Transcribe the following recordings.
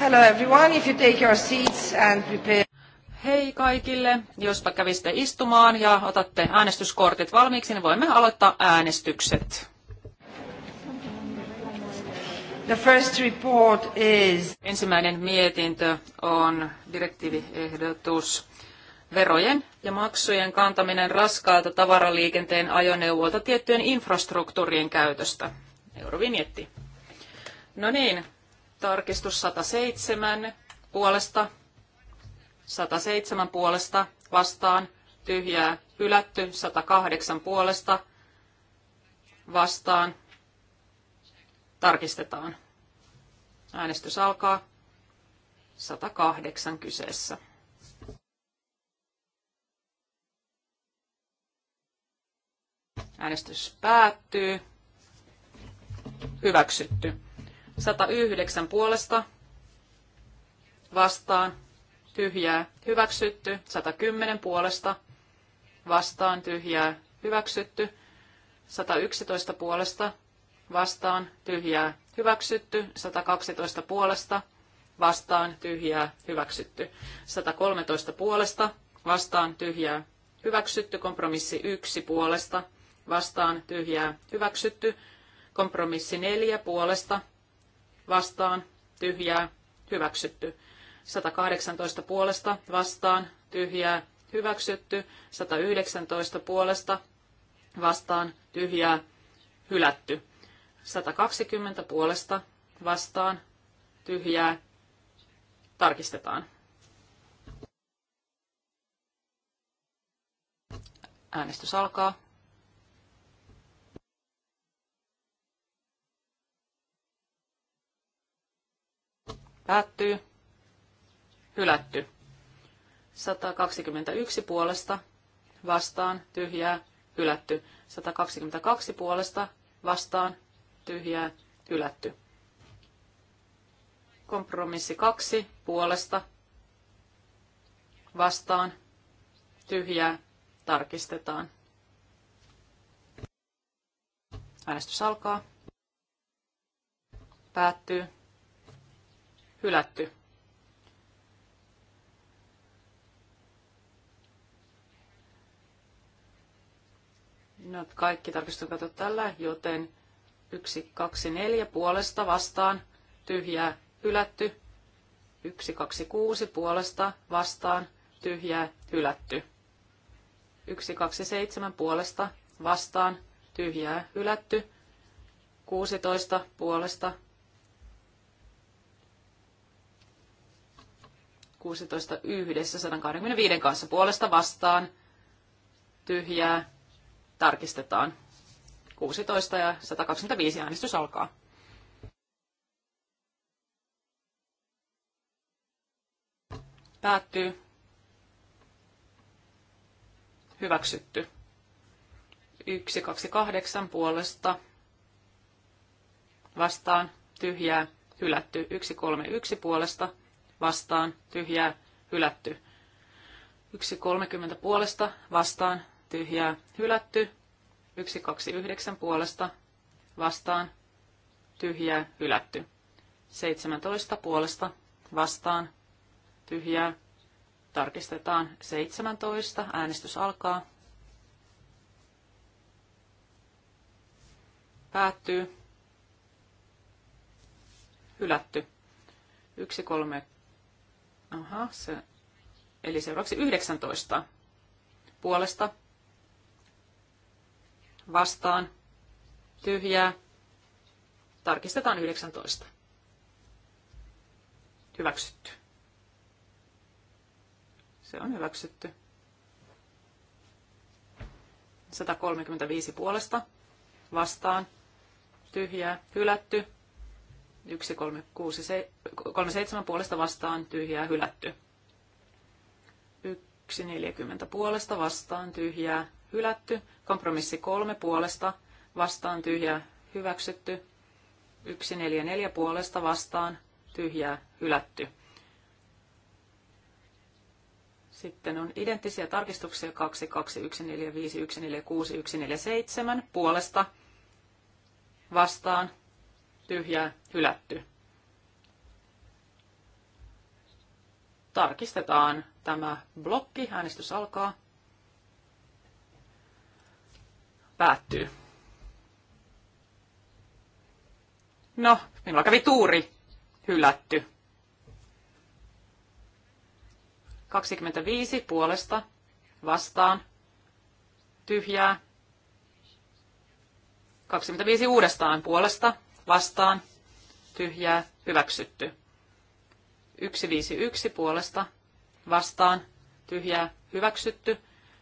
Hello everyone, if you take your seats and prepare... Hei kaikille, jospa kävisitte istumaan ja otatte äänestyskortit valmiiksi, niin voimme aloittaa äänestykset. The first report is... Ensimmäinen mietintö on direktiiviehdotus verojen ja maksujen kantaminen raskaalta tavaraliikenteen ajoneuvoilta tiettyjen infrastruktuurien käytöstä. Eurovinjetti. No niin, tarkistus 107 puolesta, 107 puolesta vastaan, tyhjää hylätty, 108 puolesta vastaan, tarkistetaan. Äänestys alkaa. 108 kyseessä. Äänestys päättyy. Hyväksytty. 109 puolesta vastaan tyhjää hyväksytty. 110 puolesta vastaan tyhjää hyväksytty. 111 puolesta vastaan tyhjää hyväksytty. 112 puolesta vastaan tyhjää hyväksytty. 113 puolesta vastaan tyhjää hyväksytty. Kompromissi 1 puolesta vastaan tyhjää hyväksytty. Kompromissi 4 puolesta vastaan, tyhjää, hyväksytty. 118 puolesta vastaan, tyhjää, hyväksytty. 119 puolesta vastaan, tyhjää, hylätty. 120 puolesta vastaan, tyhjää, tarkistetaan. Äänestys alkaa. Päättyy. Hylätty. 121 puolesta. Vastaan. Tyhjää. Hylätty. 122 puolesta. Vastaan. Tyhjää. Hylätty. Kompromissi 2 puolesta. Vastaan. Tyhjää. Tarkistetaan. Äänestys alkaa. Päättyy hylätty. No, kaikki tarkistukset kato tällä, joten 1, 2, 4 puolesta vastaan, tyhjää, hylätty. 1, 2, 6 puolesta vastaan, tyhjää, hylätty. 1, 2, 7 puolesta vastaan, tyhjää, hylätty. 16 puolesta 16 yhdessä 125 kanssa puolesta vastaan. Tyhjää. Tarkistetaan. 16 ja 125 äänestys alkaa. Päättyy. Hyväksytty. 128 puolesta vastaan tyhjää hylätty 131 puolesta vastaan, tyhjää, hylätty. 1.30 puolesta vastaan, tyhjää, hylätty. 1.29 puolesta vastaan, tyhjää, hylätty. 17 puolesta vastaan, tyhjää, tarkistetaan 17, äänestys alkaa. Päättyy. Hylätty. 1.30 Aha, se, eli seuraavaksi 19 puolesta vastaan tyhjää. Tarkistetaan 19. Hyväksytty. Se on hyväksytty. 135 puolesta vastaan tyhjää, hylätty. 1, 3, 6, 3, 7 puolesta vastaan tyhjää hylätty. 1, 40 puolesta vastaan tyhjää hylätty. Kompromissi 3 puolesta vastaan tyhjää hyväksytty. 1, 4, 4 puolesta vastaan tyhjää hylätty. Sitten on identtisiä tarkistuksia 2, 2, 1, 4, 5, 1, 4, 6, 1, 4, 7 puolesta vastaan tyhjää, hylätty. Tarkistetaan tämä blokki. Äänestys alkaa. Päättyy. No, minulla kävi tuuri. Hylätty. 25 puolesta vastaan tyhjää. 25 uudestaan puolesta vastaan, tyhjää, hyväksytty. 151 puolesta, vastaan, tyhjää, hyväksytty.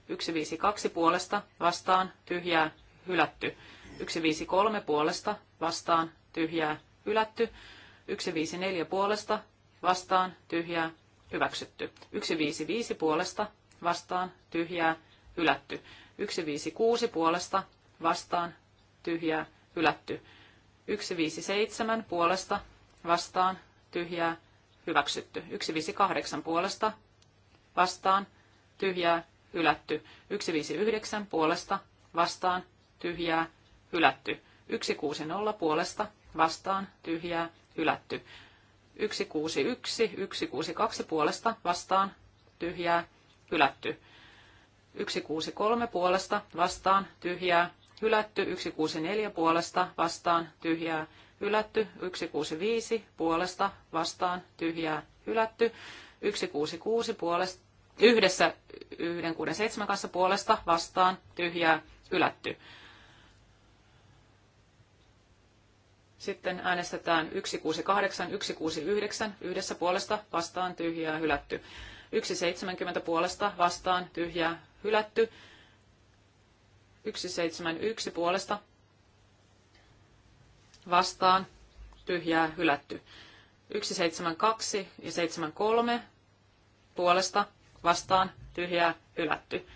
152 puolesta, vastaan, tyhjää, hylätty. 153 puolesta, vastaan, tyhjää, hylätty. 154 puolesta, vastaan, tyhjää, hyväksytty. 155 puolesta, vastaan, tyhjää, hylätty. 156 puolesta, vastaan, tyhjää, hylätty. 157 puolesta vastaan tyhjää hyväksytty. 158 puolesta vastaan tyhjää hylätty. 159 puolesta vastaan tyhjää hylätty. 160 puolesta vastaan tyhjää hylätty. 161, 162 puolesta vastaan tyhjää hylätty. 163 puolesta vastaan tyhjää hylätty 164 puolesta vastaan tyhjää, hylätty 165 puolesta vastaan tyhjää, hylätty 166 puolesta, yhdessä 167 kanssa puolesta vastaan tyhjää, hylätty. Sitten äänestetään 168, 169, yhdessä puolesta vastaan tyhjää, hylätty. 170 puolesta vastaan tyhjää, hylätty. 171 puolesta vastaan tyhjää hylätty. 172 ja 73 puolesta vastaan tyhjää hylätty.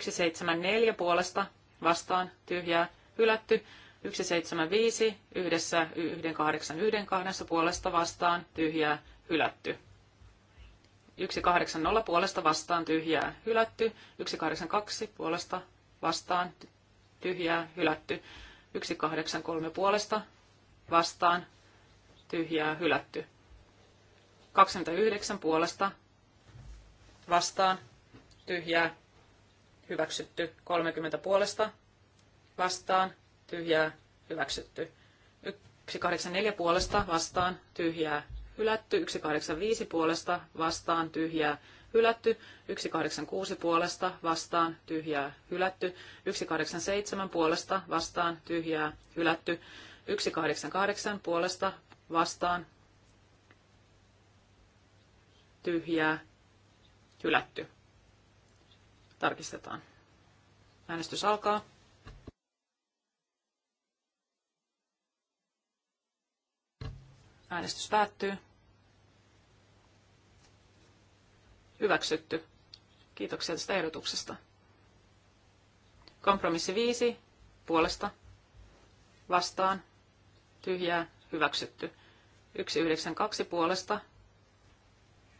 174 puolesta vastaan tyhjää hylätty. 175 yhdessä 181 kahdessa puolesta vastaan tyhjää hylätty. 180 puolesta vastaan tyhjää hylätty. 182 puolesta vastaan tyhjää, hylätty. 183 puolesta, vastaan, tyhjää, hylätty. 29 puolesta, vastaan, tyhjää, hyväksytty. 30 puolesta, vastaan, tyhjää, hyväksytty. 184 puolesta, vastaan, tyhjää, hylätty. 185 puolesta, vastaan, tyhjää, hylätty, 186 puolesta vastaan tyhjää hylätty, 187 puolesta vastaan tyhjää hylätty, 188 puolesta vastaan tyhjää hylätty. Tarkistetaan. Äänestys alkaa. Äänestys päättyy. Hyväksytty. Kiitoksia tästä ehdotuksesta. Kompromissi 5. Puolesta. Vastaan. Tyhjää. Hyväksytty. 192 puolesta.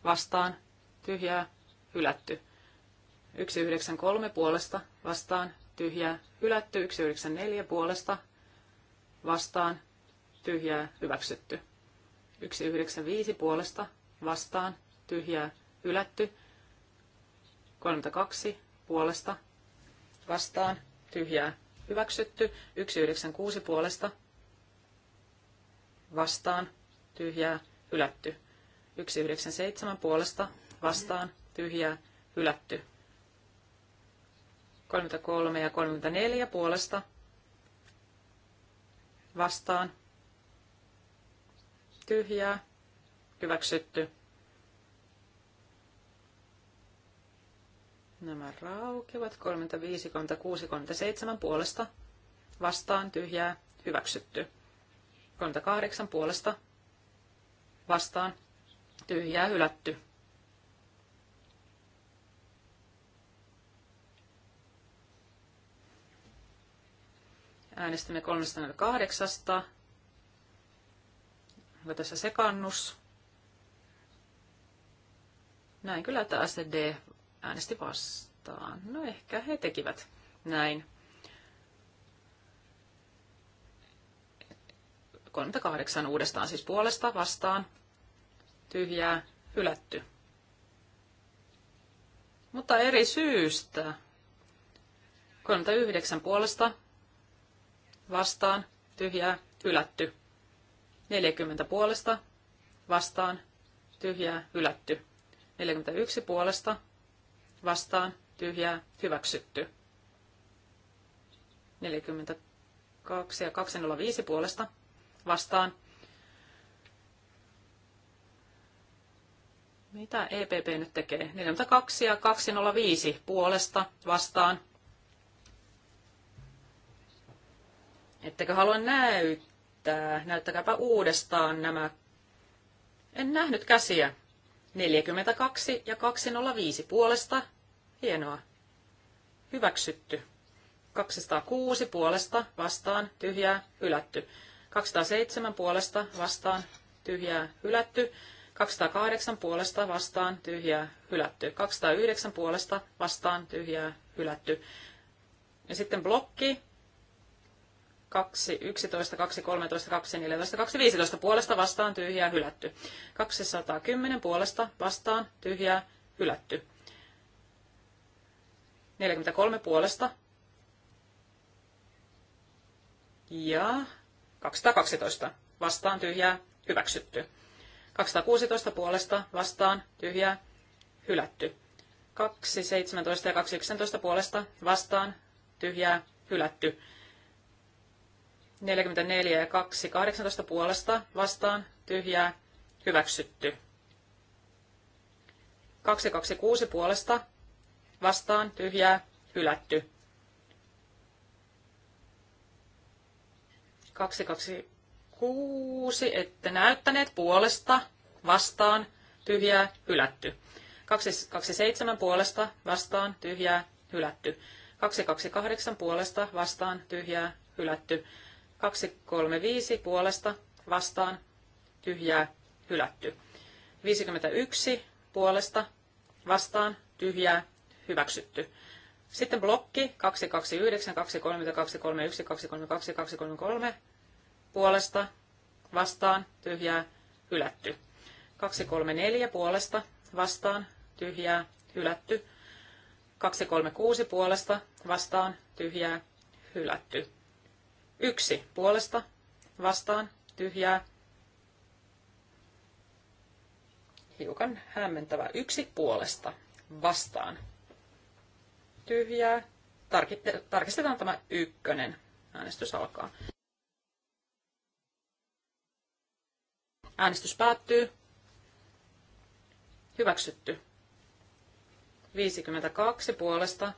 Vastaan. Tyhjää. Hylätty. 193 puolesta. Vastaan. Tyhjää. Hylätty. 194 puolesta. Vastaan. Tyhjää. Hyväksytty. 195 puolesta. Vastaan. Tyhjää hylätty. 32 puolesta vastaan tyhjää hyväksytty. 196 puolesta vastaan tyhjää hylätty. 197 puolesta vastaan tyhjää hylätty. 33 ja 34 puolesta vastaan tyhjää hyväksytty. Nämä raukevat. 35, 36, 37 puolesta. Vastaan tyhjää. Hyväksytty. 38 puolesta. Vastaan tyhjää. Hylätty. Äänestämme 308. Onko tässä sekannus? Näin kyllä, että SD äänesti vastaan. No ehkä he tekivät näin. 38 uudestaan siis puolesta vastaan. Tyhjää, hylätty. Mutta eri syystä. 39 puolesta vastaan, tyhjää, hylätty. 40 puolesta vastaan, tyhjää, hylätty. 41 puolesta vastaan tyhjää hyväksytty. 42 ja 205 puolesta vastaan. Mitä EPP nyt tekee? 42 ja 205 puolesta vastaan. Ettekö halua näyttää? Näyttäkääpä uudestaan nämä. En nähnyt käsiä. 42 ja 205 puolesta Hienoa. Hyväksytty. 206 puolesta vastaan tyhjää hylätty. 207 puolesta vastaan tyhjää hylätty. 208 puolesta vastaan tyhjää hylätty. 209 puolesta vastaan tyhjää hylätty. Ja sitten blokki 2, 11, 2, 13, 2, 14, 2, 15 puolesta vastaan tyhjää hylätty. 210 puolesta vastaan tyhjää hylätty. 43 puolesta. Ja 212 vastaan tyhjää hyväksytty. 216 puolesta vastaan tyhjää hylätty. 217 ja 219 puolesta vastaan tyhjää hylätty. 44 ja 218 puolesta vastaan tyhjää hyväksytty. 226 puolesta vastaan tyhjää hylätty. 226, ette näyttäneet puolesta vastaan tyhjää hylätty. 227 puolesta vastaan tyhjää hylätty. 228 puolesta vastaan tyhjää hylätty. 235 puolesta vastaan tyhjää hylätty. 51 puolesta vastaan tyhjää hyväksytty. Sitten blokki 229, 230, 231, 232, 233 puolesta vastaan tyhjää hylätty. 234 puolesta vastaan tyhjää hylätty. 236 puolesta vastaan tyhjää hylätty. 1 puolesta vastaan tyhjää hiukan hämmentävä yksi puolesta vastaan tyhjää. Tarkistetaan tämä ykkönen. Äänestys alkaa. Äänestys päättyy. Hyväksytty. 52 puolesta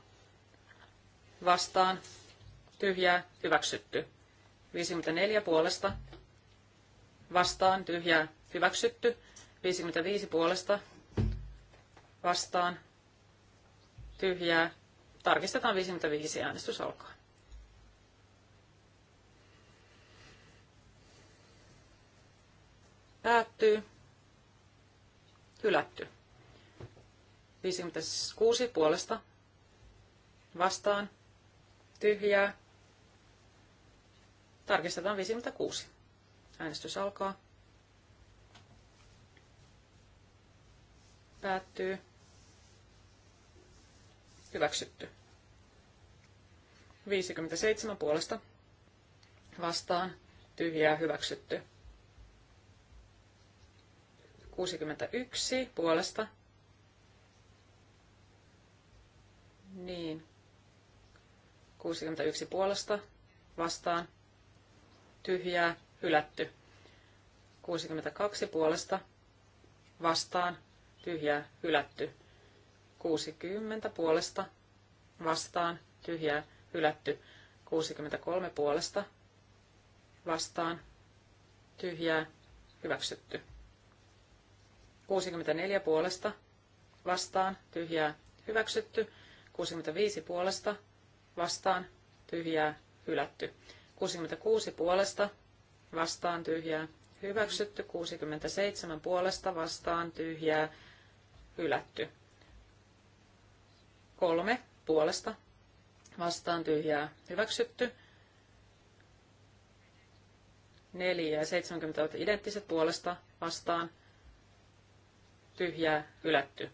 vastaan tyhjää hyväksytty. 54 puolesta vastaan tyhjää hyväksytty. 55 puolesta vastaan tyhjää Tarkistetaan 55 äänestys alkaa. Päättyy. Hylätty. 56 puolesta. Vastaan. Tyhjää. Tarkistetaan 56. Äänestys alkaa. Päättyy. Hyväksytty. 57 puolesta vastaan tyhjää hyväksytty. 61 puolesta. Niin. 61 puolesta vastaan tyhjää hylätty. 62 puolesta vastaan tyhjää hylätty. 60 puolesta vastaan tyhjää hylätty. 63 puolesta vastaan tyhjää hyväksytty. 64 puolesta vastaan tyhjää hyväksytty. 65 puolesta vastaan tyhjää hylätty. 66 puolesta vastaan tyhjää hyväksytty. 67 puolesta vastaan tyhjää hylätty. Kolme puolesta vastaan tyhjää hyväksytty. Neljä ja 70 ovat identtiset puolesta vastaan tyhjää hylätty.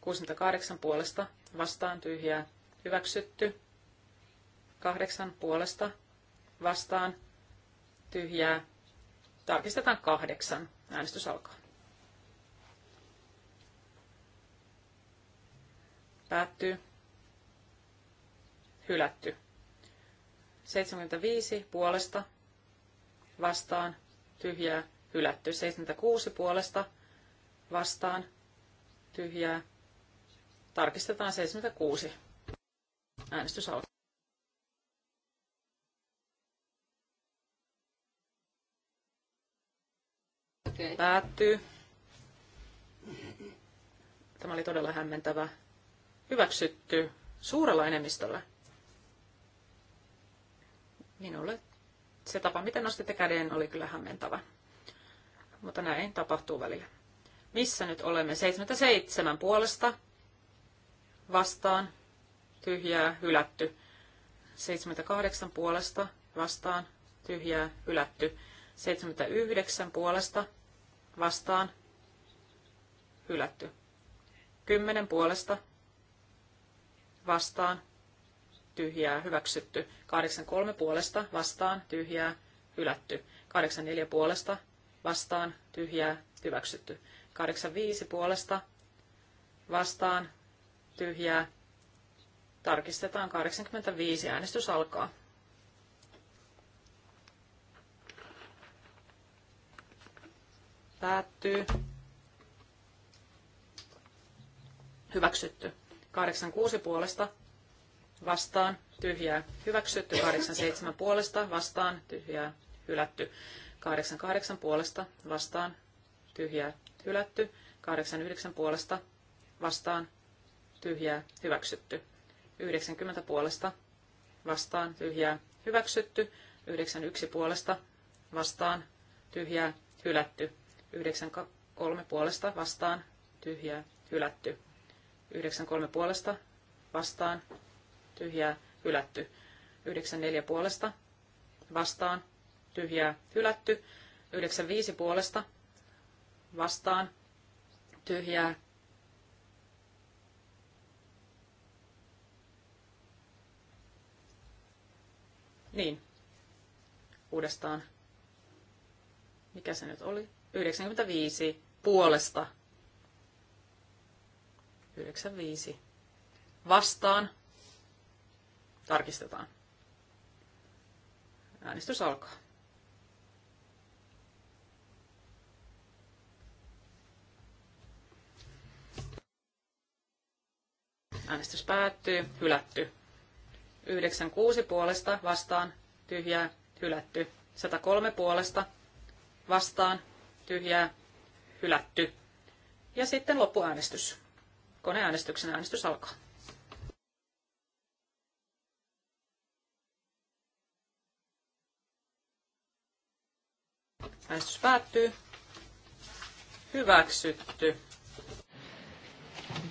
68 puolesta vastaan tyhjää hyväksytty. Kahdeksan puolesta vastaan tyhjää. Tarkistetaan kahdeksan. Äänestys alkaa. Päättyy. Hylätty. 75 puolesta vastaan tyhjää hylätty. 76 puolesta vastaan tyhjää. Tarkistetaan 76. Äänestys alkaa. Päättyy. Tämä oli todella hämmentävä hyväksytty suurella enemmistöllä. Minulle se tapa, miten nostitte käden, oli kyllä hämmentävä. Mutta näin tapahtuu välillä. Missä nyt olemme? 77 puolesta vastaan, tyhjää, hylätty. 78 puolesta vastaan, tyhjää, hylätty. 79 puolesta vastaan, hylätty. 10 puolesta vastaan, tyhjää, hyväksytty. 83 puolesta vastaan, tyhjää, hylätty. 84 puolesta vastaan, tyhjää, hyväksytty. 85 puolesta vastaan, tyhjää. Tarkistetaan 85, äänestys alkaa. Päättyy. Hyväksytty. 86 puolesta vastaan tyhjää hyväksytty, 87 puolesta vastaan tyhjää hylätty, 88 puolesta vastaan tyhjää hylätty, 89 puolesta vastaan tyhjää hyväksytty, 90 puolesta vastaan tyhjää hyväksytty, 91 puolesta vastaan tyhjää hylätty, 93 puolesta vastaan tyhjää hylätty. 93 puolesta vastaan tyhjää hylätty. 94 puolesta vastaan tyhjää hylätty. 95 puolesta vastaan tyhjää Niin. Uudestaan. Mikä se nyt oli? 95 puolesta 95 vastaan. Tarkistetaan. Äänestys alkaa. Äänestys päättyy. Hylätty. 96 puolesta vastaan. Tyhjää. Hylätty. 103 puolesta vastaan. Tyhjää. Hylätty. Ja sitten loppuäänestys. Koneäänestyksen äänestys alkaa. Äänestys päättyy. Hyväksytty.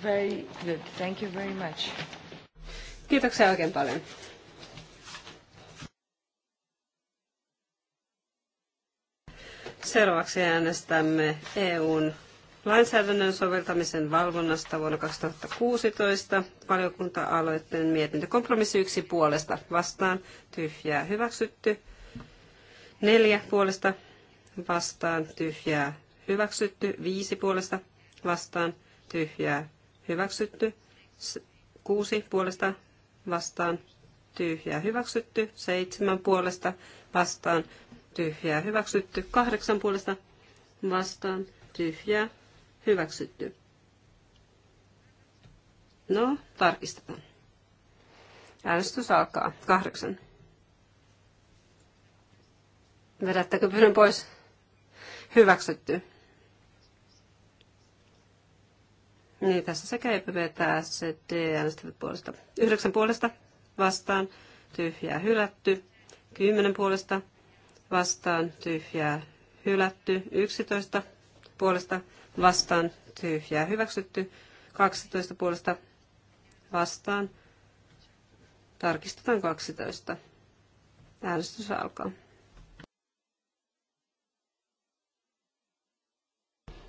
Very good. Thank you very much. Kiitoksia oikein paljon. Seuraavaksi äänestämme EUn lainsäädännön soveltamisen valvonnasta vuonna 2016. Valiokunta-aloitteen mietintö kompromissi yksi puolesta vastaan tyhjää hyväksytty. Neljä puolesta vastaan tyhjää hyväksytty. Viisi puolesta vastaan tyhjää hyväksytty. Kuusi puolesta vastaan tyhjää hyväksytty. Seitsemän puolesta vastaan tyhjää hyväksytty. Kahdeksan puolesta vastaan tyhjää Hyväksytty. No, tarkistetaan. Äänestys alkaa. Kahdeksan. Vedättekö pyydän pois? Hyväksytty. Niin, tässä sekä EPP että SCD äänestävät puolesta. Yhdeksän puolesta vastaan, tyhjää hylätty. Kymmenen puolesta vastaan, tyhjää hylätty. Yksitoista puolesta vastaan tyhjää hyväksytty. 12 puolesta vastaan. Tarkistetaan 12. Äänestys alkaa.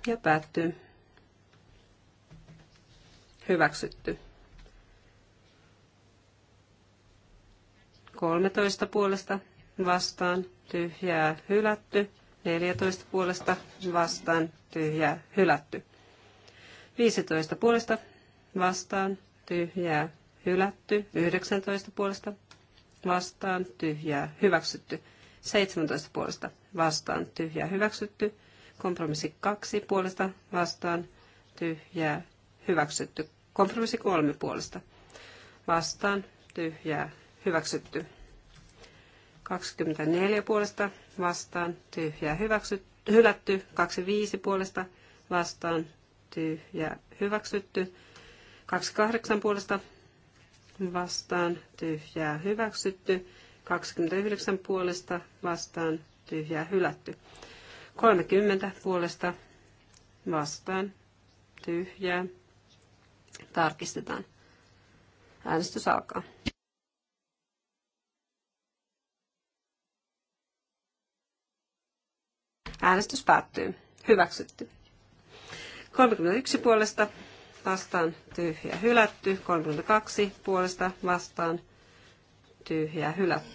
Ja päättyy. Hyväksytty. 13 puolesta vastaan tyhjää hylätty. 14 puolesta vastaan tyhjää hylätty. 15 puolesta vastaan tyhjää hylätty. 19 puolesta vastaan tyhjää hyväksytty. 17 puolesta vastaan tyhjää hyväksytty. Kompromissi 2 puolesta vastaan tyhjää hyväksytty. Kompromissi 3 puolesta vastaan tyhjää hyväksytty. 24 puolesta vastaan, tyhjä hyväksytty hylätty, 25 puolesta vastaan, tyhjä hyväksytty, 28 puolesta vastaan, tyhjä hyväksytty, 29 puolesta vastaan, tyhjä hylätty, 30 puolesta vastaan, tyhjä tarkistetaan. Äänestys alkaa. Äänestys päättyy. Hyväksytty. 31 puolesta vastaan tyhjä hylätty. 32 puolesta vastaan tyhjä hylätty.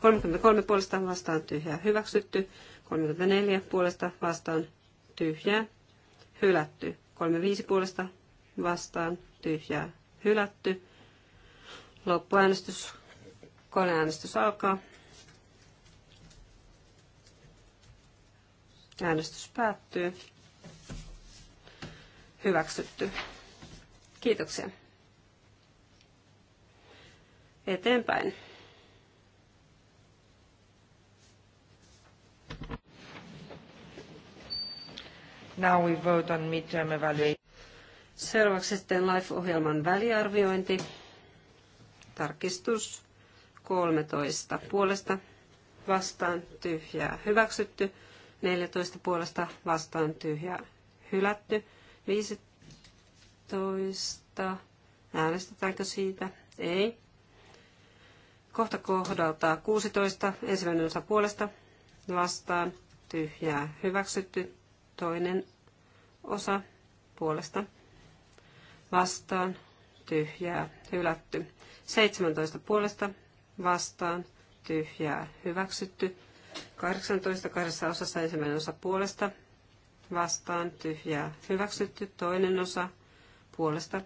33 puolesta vastaan tyhjä hyväksytty. 34 puolesta vastaan tyhjä, hylätty. 35 puolesta vastaan tyhjä, hylätty. Loppuäänestys. Koneäänestys alkaa. Äänestys päättyy. Hyväksytty. Kiitoksia. Eteenpäin. Now we vote on midterm evaluation. Seuraavaksi sitten LIFE-ohjelman väliarviointi. Tarkistus 13. Puolesta vastaan tyhjää hyväksytty. 14 puolesta vastaan tyhjä hylätty. 15. Äänestetäänkö siitä? Ei. Kohta kohdalta 16. Ensimmäinen osa puolesta vastaan tyhjää hyväksytty. Toinen osa puolesta vastaan tyhjää hylätty. 17 puolesta vastaan tyhjää hyväksytty. 18 kahdessa osassa ensimmäinen osa puolesta vastaan tyhjää hyväksytty, toinen osa puolesta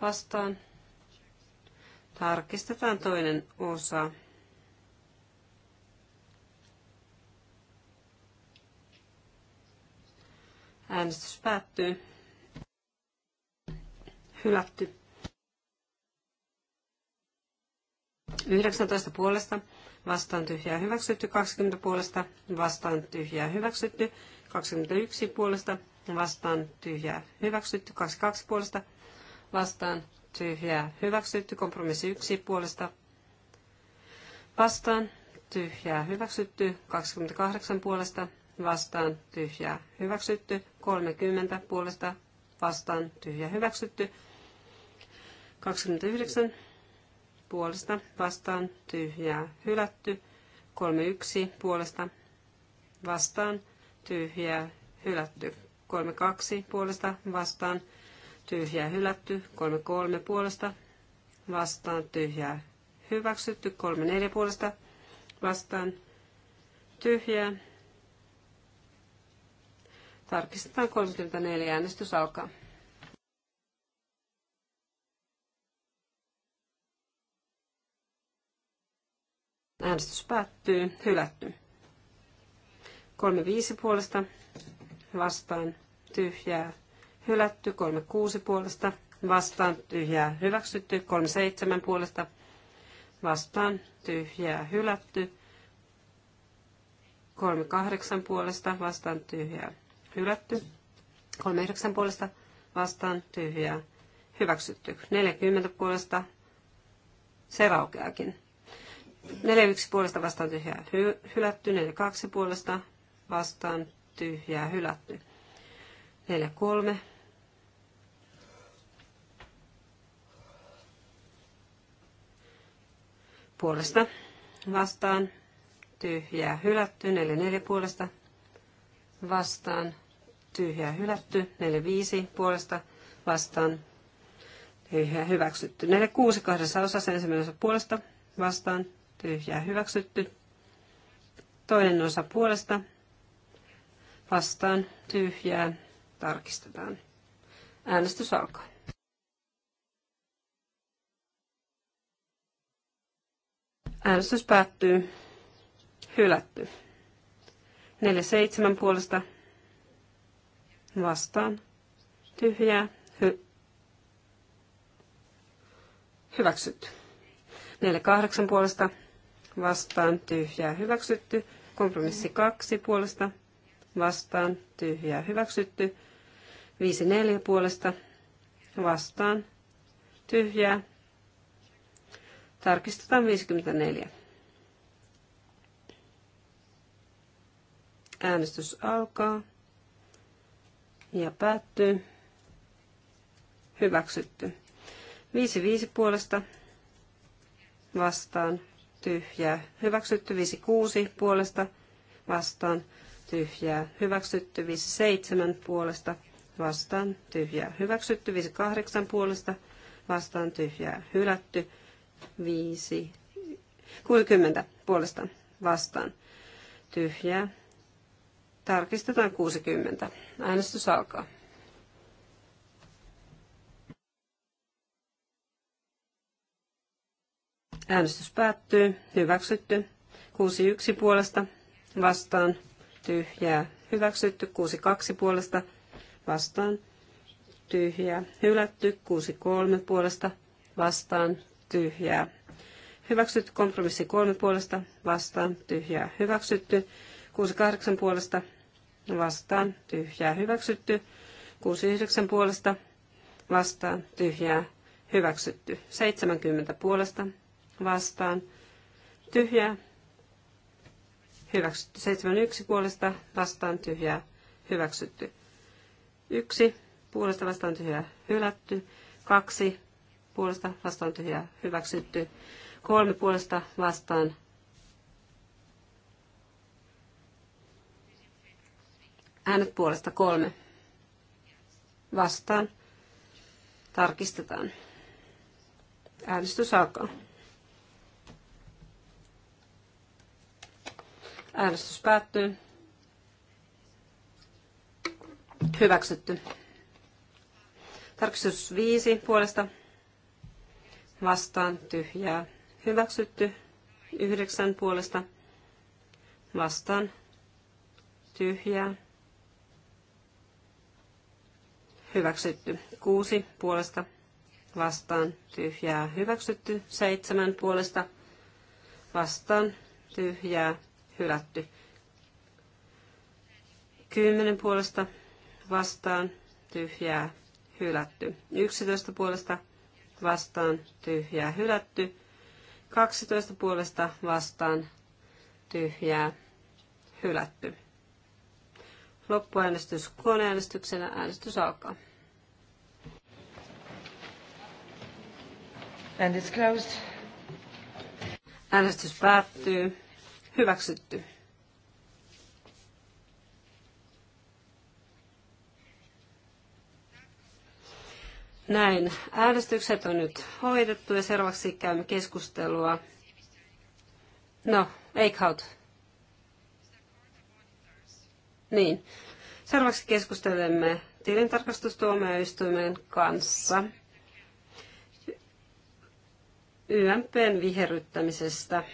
vastaan. Tarkistetaan toinen osa. Äänestys päättyy. Hylätty. 19 puolesta vastaan tyhjää hyväksytty, 20 puolesta vastaan tyhjää hyväksytty, 21 puolesta vastaan tyhjää hyväksytty, 22 puolesta vastaan tyhjää hyväksytty, kompromissi 1 puolesta vastaan tyhjää hyväksytty, 28 puolesta vastaan tyhjää hyväksytty, 30 puolesta vastaan tyhjää hyväksytty, 29 puolesta vastaan tyhjää hylätty. 31 puolesta vastaan tyhjää hylätty. 32 puolesta vastaan tyhjää hylätty. 33 puolesta vastaan tyhjää hyväksytty. 34 puolesta vastaan tyhjää. Tarkistetaan 34 äänestys alkaa. Äänestys päättyy. Hylätty. 35 puolesta vastaan tyhjää. Hylätty. 36 puolesta vastaan tyhjää. Hyväksytty. 37 puolesta vastaan tyhjää. Hylätty. 38 puolesta vastaan tyhjää. Hylätty. 39 puolesta vastaan tyhjää. Hyväksytty. 40 puolesta se raukeakin. 41 puolesta vastaan tyhjää hy- hylätty, 42 puolesta vastaan tyhjää hylätty. 43 puolesta vastaan tyhjää hylätty, 44 puolesta vastaan tyhjää hylätty, 45 puolesta vastaan tyhjää hyväksytty, 46 kahdessa osassa ensimmäisessä puolesta vastaan tyhjää hyväksytty. Toinen osa puolesta vastaan tyhjää tarkistetaan. Äänestys alkaa. Äänestys päättyy. Hylätty. 47 puolesta vastaan. Tyhjää. Hy- hyväksytty. 48 puolesta vastaan tyhjää hyväksytty. Kompromissi kaksi puolesta vastaan tyhjää hyväksytty. neljä puolesta vastaan tyhjää. Tarkistetaan 54. Äänestys alkaa ja päättyy. Hyväksytty. 5-5 puolesta vastaan tyhjää, hyväksytty 56 puolesta vastaan, tyhjää, hyväksytty 57 puolesta vastaan, tyhjää, hyväksytty 58 puolesta vastaan, tyhjää, hylätty 5, 60 puolesta vastaan, tyhjää, tarkistetaan 60. Äänestys alkaa. Äänestys päättyy. Hyväksytty. 6.1 puolesta vastaan. Tyhjää. Hyväksytty. 6.2 puolesta vastaan. Tyhjää. Hylätty. 6.3 puolesta vastaan. Tyhjää. Hyväksytty. Kompromissi 3 puolesta vastaan. Tyhjää. Hyväksytty. 6.8 puolesta vastaan. Tyhjää. Hyväksytty. 6.9 puolesta vastaan. Tyhjää. Hyväksytty. 70 puolesta vastaan Tyhjä. Hyväksytty. 71 puolesta vastaan tyhjää. Hyväksytty. 1 puolesta vastaan tyhjää. Hylätty. 2 puolesta vastaan tyhjää. Hyväksytty. 3 puolesta vastaan Äänet puolesta kolme. Vastaan. Tarkistetaan. Äänestys alkaa. Äänestys päättyy. Hyväksytty. Tarkistus 5 puolesta vastaan tyhjää. Hyväksytty. 9 puolesta vastaan tyhjää. Hyväksytty. 6 puolesta vastaan tyhjää. Hyväksytty. 7 puolesta vastaan tyhjää hylätty. Kymmenen puolesta vastaan tyhjää hylätty. Yksitoista puolesta vastaan tyhjää hylätty. Kaksitoista puolesta vastaan tyhjää hylätty. Loppuäänestys koneäänestyksenä. Äänestys alkaa. And it's closed. Äänestys päättyy hyväksytty. Näin. Äänestykset on nyt hoidettu ja seuraavaksi käymme keskustelua. No, Eichhout. Niin. Seuraavaksi keskustelemme tilintarkastustuomioistuimen kanssa YMPn viherryttämisestä.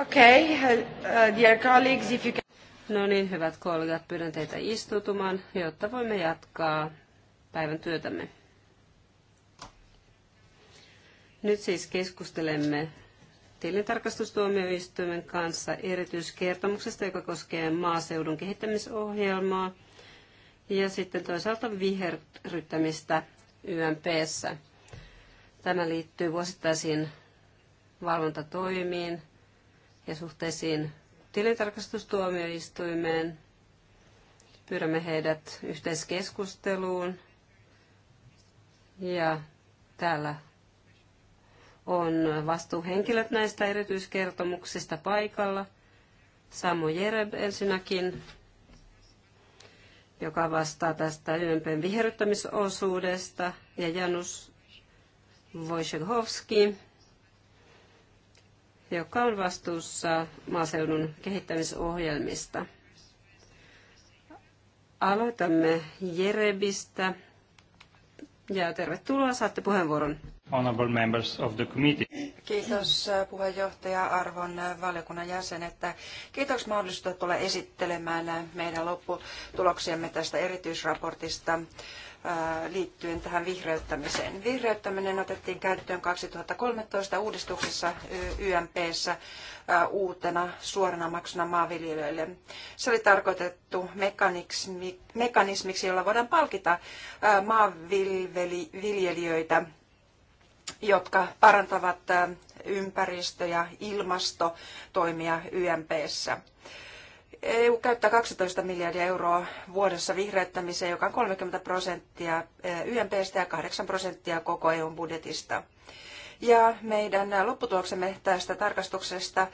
Okay, uh, uh, dear colleagues, if you can... No niin, hyvät kollegat, pyydän teitä istutumaan, jotta voimme jatkaa päivän työtämme. Nyt siis keskustelemme tilintarkastustuomioistuimen kanssa erityiskertomuksesta, joka koskee maaseudun kehittämisohjelmaa ja sitten toisaalta viherryttämistä YMPssä. Tämä liittyy vuosittaisiin valvontatoimiin, ja suhteisiin tilintarkastustuomioistuimeen. Pyydämme heidät yhteiskeskusteluun ja täällä on vastuuhenkilöt näistä erityiskertomuksista paikalla. Samu Jereb ensinnäkin, joka vastaa tästä YMPn viherryttämisosuudesta, ja Janus Wojciechowski, joka on vastuussa maaseudun kehittämisohjelmista. Aloitamme Jerebistä. Ja tervetuloa, saatte puheenvuoron. Honorable members of the committee. Kiitos äh, puheenjohtaja Arvon äh, valiokunnan jäsen, että kiitos mahdollisuudesta tulla esittelemään äh, meidän lopputuloksiamme tästä erityisraportista liittyen tähän vihreyttämiseen. Vihreyttäminen otettiin käyttöön 2013 uudistuksessa YMPssä uutena suorana maksuna maanviljelijöille. Se oli tarkoitettu mekanismiksi, jolla voidaan palkita maanviljelijöitä, jotka parantavat ympäristö- ja ilmastotoimia YMPssä. EU käyttää 12 miljardia euroa vuodessa vihreyttämiseen, joka on 30 prosenttia e, YMPstä ja 8 prosenttia koko EUn budjetista. Ja meidän lopputuloksemme tästä tarkastuksesta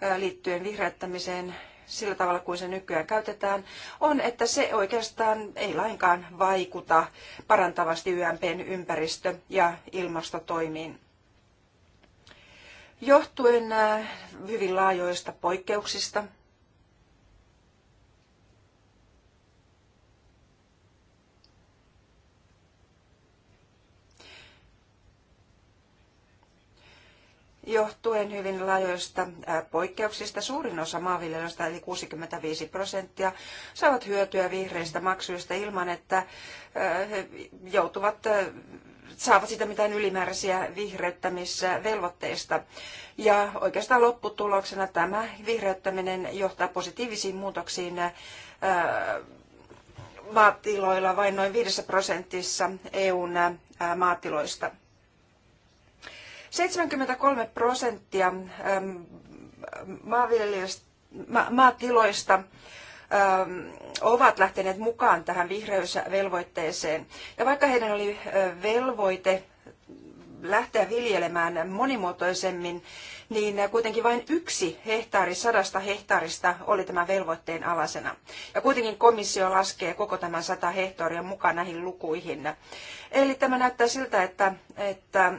e, liittyen vihreyttämiseen sillä tavalla kuin se nykyään käytetään, on, että se oikeastaan ei lainkaan vaikuta parantavasti YMPn ympäristö- ja ilmastotoimiin. Johtuen e, hyvin laajoista poikkeuksista, johtuen hyvin laajoista poikkeuksista. Suurin osa maanviljelijöistä, eli 65 prosenttia, saavat hyötyä vihreistä maksuista ilman, että he joutuvat saavat sitä mitään ylimääräisiä vihreyttämisvelvoitteista. Ja oikeastaan lopputuloksena tämä vihreyttäminen johtaa positiivisiin muutoksiin maatiloilla vain noin 5 prosentissa EUn maatiloista. 73 prosenttia maatiloista ovat lähteneet mukaan tähän vihreysvelvoitteeseen. Ja vaikka heidän oli velvoite lähteä viljelemään monimuotoisemmin, niin kuitenkin vain yksi hehtaari sadasta hehtaarista oli tämän velvoitteen alasena. Ja kuitenkin komissio laskee koko tämän sata hehtaaria mukaan näihin lukuihin. Eli tämä näyttää siltä, että, että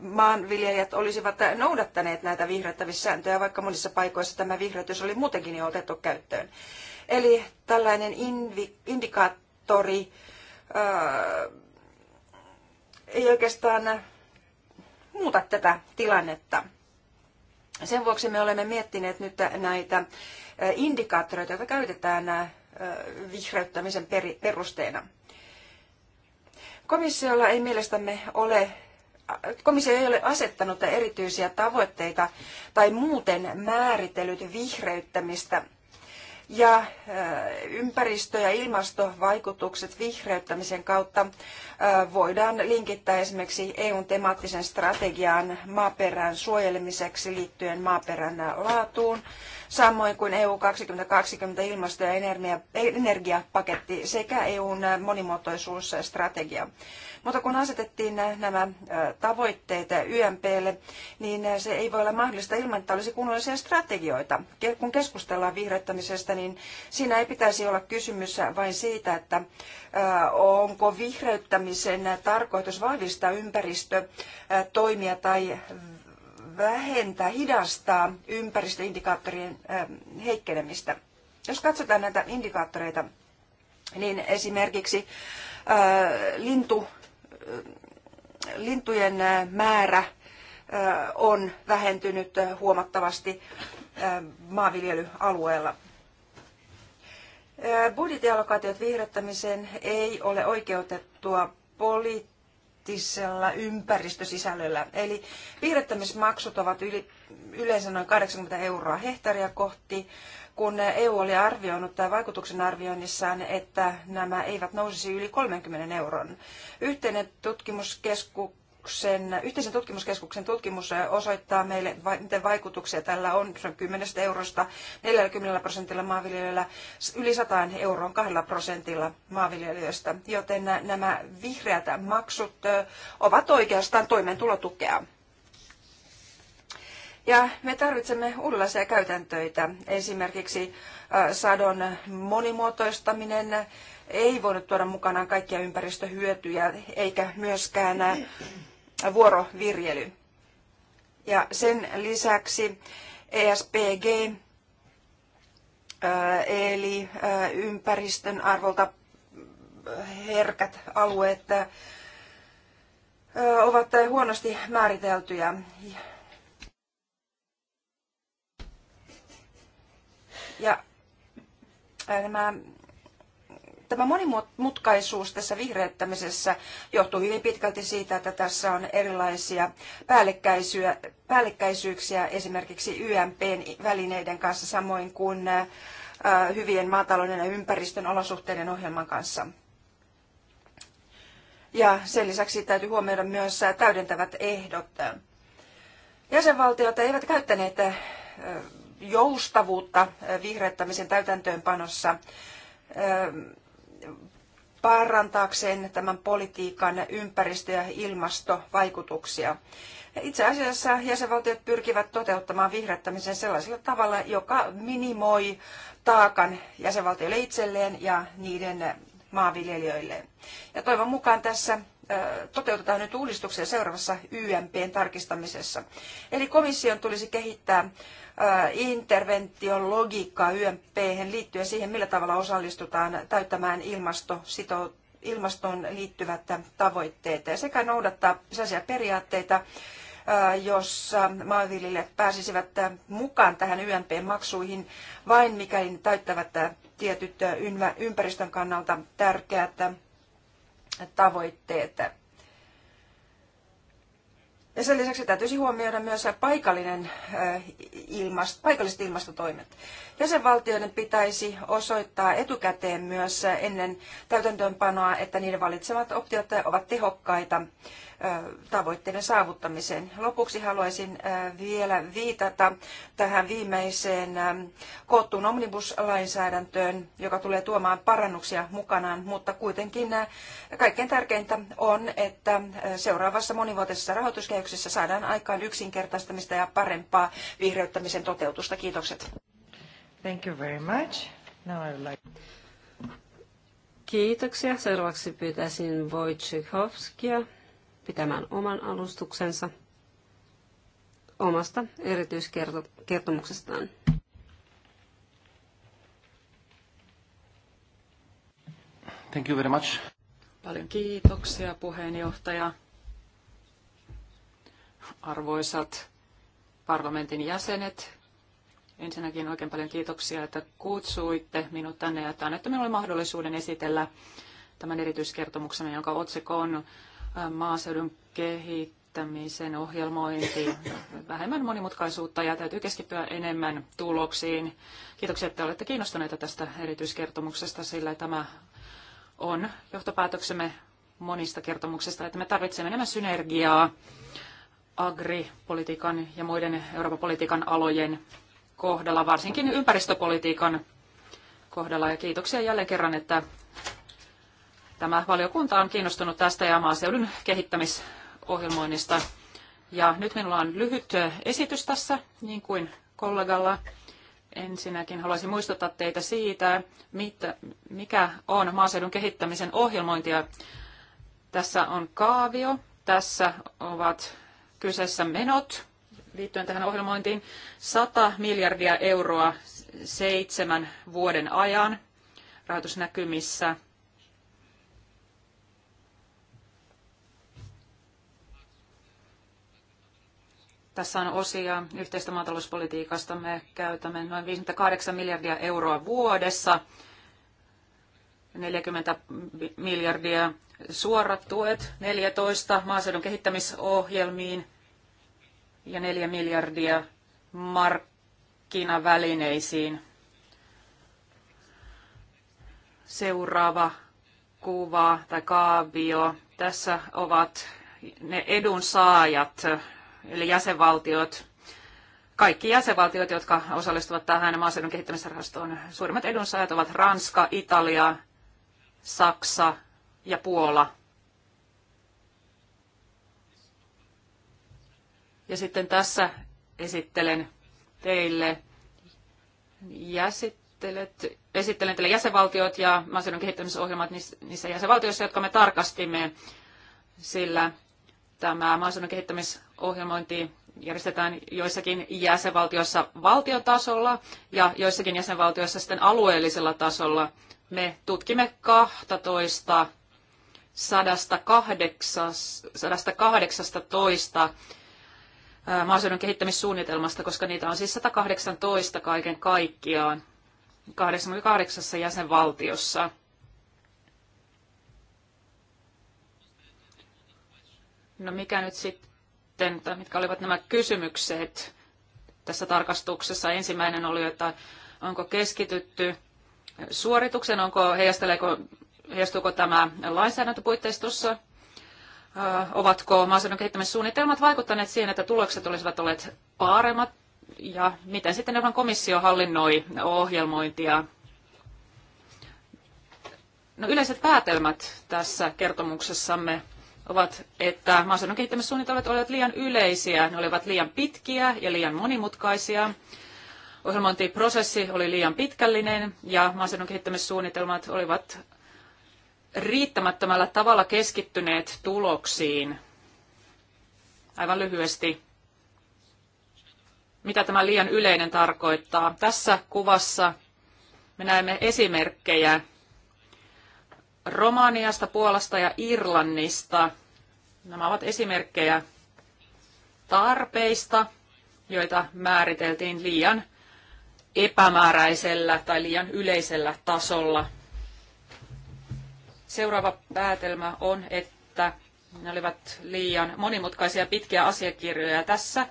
maanviljelijät olisivat noudattaneet näitä vihreyttämissääntöjä, vaikka monissa paikoissa tämä vihreytys oli muutenkin jo otettu käyttöön. Eli tällainen indikaattori ää, ei oikeastaan muuta tätä tilannetta. Sen vuoksi me olemme miettineet nyt näitä indikaattoreita, joita käytetään vihreyttämisen perusteena. Komissiolla ei mielestämme ole komissio ei ole asettanut erityisiä tavoitteita tai muuten määritellyt vihreyttämistä. Ja ympäristö- ja ilmastovaikutukset vihreyttämisen kautta voidaan linkittää esimerkiksi EUn temaattisen strategiaan maaperän suojelemiseksi liittyen maaperän laatuun samoin kuin EU 2020 ilmasto- ja energia, energiapaketti sekä EUn monimuotoisuusstrategia. Mutta kun asetettiin nämä tavoitteet YMPlle, niin se ei voi olla mahdollista ilman, että olisi kunnollisia strategioita. Kun keskustellaan vihreyttämisestä, niin siinä ei pitäisi olla kysymys vain siitä, että onko vihreyttämisen tarkoitus vahvistaa ympäristötoimia tai vähentää, hidastaa ympäristöindikaattorien heikkenemistä. Jos katsotaan näitä indikaattoreita, niin esimerkiksi lintu, lintujen määrä on vähentynyt huomattavasti maanviljelyalueella. Budjetialokaatiot vihreyttämiseen ei ole oikeutettua poliittista poliittisella ympäristösisällöllä. Eli viirettämismaksut ovat yli, yleensä noin 80 euroa hehtaaria kohti, kun EU oli arvioinut tai vaikutuksen arvioinnissaan, että nämä eivät nousisi yli 30 euron. Yhteinen tutkimuskesku, tutkimuskeskuksen, yhteisen tutkimuskeskuksen tutkimus osoittaa meille, miten vaikutuksia tällä on 10 eurosta 40 prosentilla maanviljelijöillä yli 100 euroon 2 prosentilla maanviljelijöistä, joten nämä vihreät maksut ovat oikeastaan toimeentulotukea. Ja me tarvitsemme uudenlaisia käytäntöitä, esimerkiksi sadon monimuotoistaminen, ei voinut tuoda mukanaan kaikkia ympäristöhyötyjä eikä myöskään vuoroviljely. Ja sen lisäksi ESPG, eli ympäristön arvolta herkät alueet, ovat huonosti määriteltyjä. Ja nämä tämä monimutkaisuus tässä vihreättämisessä johtuu hyvin pitkälti siitä, että tässä on erilaisia päällekkäisyyksiä esimerkiksi YMPn välineiden kanssa, samoin kuin äh, hyvien maatalouden ja ympäristön olosuhteiden ohjelman kanssa. Ja sen lisäksi täytyy huomioida myös täydentävät ehdot. Jäsenvaltiot eivät käyttäneet äh, joustavuutta äh, vihreättämisen täytäntöönpanossa ähm, parantaakseen tämän politiikan ympäristö- ja ilmastovaikutuksia. Itse asiassa jäsenvaltiot pyrkivät toteuttamaan vihreättämisen sellaisella tavalla, joka minimoi taakan jäsenvaltioille itselleen ja niiden maanviljelijöille. Ja toivon mukaan tässä toteutetaan nyt uudistuksia seuraavassa YMPn tarkistamisessa. Eli komission tulisi kehittää intervention logiikkaa ymp liittyen siihen, millä tavalla osallistutaan täyttämään ilmastosito, ilmastoon liittyvät tavoitteet sekä noudattaa sellaisia periaatteita, jossa maanviljelijät pääsisivät mukaan tähän YMP-maksuihin vain mikäli ne täyttävät tietyt ympäristön kannalta tärkeät tavoitteet. Ja sen lisäksi täytyisi huomioida myös paikallinen ilmast, paikalliset ilmastotoimet. Jäsenvaltioiden pitäisi osoittaa etukäteen myös ennen täytäntöönpanoa, että niiden valitsemat optiot ovat tehokkaita tavoitteiden saavuttamiseen. Lopuksi haluaisin vielä viitata tähän viimeiseen koottuun omnibuslainsäädäntöön, joka tulee tuomaan parannuksia mukanaan, mutta kuitenkin kaikkein tärkeintä on, että seuraavassa monivuotisessa rahoituskehyksessä saadaan aikaan yksinkertaistamista ja parempaa vihreyttämisen toteutusta. Kiitokset. Thank you very much. Now I would like... Kiitoksia. Seuraavaksi pyytäisin Wojciechowskia pitämään oman alustuksensa omasta erityiskertomuksestaan. Thank you very much. Paljon kiitoksia puheenjohtaja. Arvoisat parlamentin jäsenet, Ensinnäkin oikein paljon kiitoksia, että kutsuitte minut tänne ja että annette minulle mahdollisuuden esitellä tämän erityiskertomuksen, jonka otsikko on äh, maaseudun kehittämisen ohjelmointi. Vähemmän monimutkaisuutta ja täytyy keskittyä enemmän tuloksiin. Kiitoksia, että olette kiinnostuneita tästä erityiskertomuksesta, sillä tämä on johtopäätöksemme monista kertomuksista, että me tarvitsemme enemmän synergiaa agripolitiikan ja muiden Euroopan politiikan alojen kohdalla, varsinkin ympäristöpolitiikan kohdalla. Ja kiitoksia jälleen kerran, että tämä valiokunta on kiinnostunut tästä ja maaseudun kehittämisohjelmoinnista. Ja nyt minulla on lyhyt esitys tässä, niin kuin kollegalla. Ensinnäkin haluaisin muistuttaa teitä siitä, mikä on maaseudun kehittämisen ohjelmointia. Tässä on kaavio, tässä ovat kyseessä menot liittyen tähän ohjelmointiin 100 miljardia euroa seitsemän vuoden ajan rahoitusnäkymissä. Tässä on osia yhteistä maatalouspolitiikasta. Me käytämme noin 58 miljardia euroa vuodessa, 40 miljardia suorat tuet, 14 maaseudun kehittämisohjelmiin, ja 4 miljardia markkinavälineisiin. Seuraava kuva tai kaavio. Tässä ovat ne edunsaajat, eli jäsenvaltiot, kaikki jäsenvaltiot, jotka osallistuvat tähän maaseudun kehittämisrahastoon. Suurimmat edunsaajat ovat Ranska, Italia, Saksa ja Puola. Ja sitten tässä esittelen teille jäsittelet, esittelen teille jäsenvaltiot ja maaseudun kehittämisohjelmat niissä jäsenvaltioissa, jotka me tarkastimme, sillä tämä maaseudun kehittämisohjelmointi järjestetään joissakin jäsenvaltioissa valtiotasolla ja joissakin jäsenvaltioissa sitten alueellisella tasolla. Me tutkimme 12 118, 118 maaseudun kehittämissuunnitelmasta, koska niitä on siis 118 kaiken kaikkiaan 88 jäsenvaltiossa. No mikä nyt sitten, tai mitkä olivat nämä kysymykset tässä tarkastuksessa? Ensimmäinen oli, että onko keskitytty suorituksen, onko heijasteleeko heijastuuko tämä lainsäädäntöpuitteistossa ovatko maaseudun kehittämissuunnitelmat vaikuttaneet siihen, että tulokset olisivat olleet paremmat ja miten sitten Euroopan komissio hallinnoi ohjelmointia? No, yleiset päätelmät tässä kertomuksessamme ovat, että maaseudun kehittämissuunnitelmat olivat liian yleisiä, ne olivat liian pitkiä ja liian monimutkaisia. Ohjelmointiprosessi oli liian pitkällinen ja maaseudun kehittämissuunnitelmat olivat riittämättömällä tavalla keskittyneet tuloksiin. Aivan lyhyesti, mitä tämä liian yleinen tarkoittaa. Tässä kuvassa me näemme esimerkkejä Romaniasta, Puolasta ja Irlannista. Nämä ovat esimerkkejä tarpeista, joita määriteltiin liian epämääräisellä tai liian yleisellä tasolla – Seuraava päätelmä on, että ne olivat liian monimutkaisia pitkiä asiakirjoja tässä.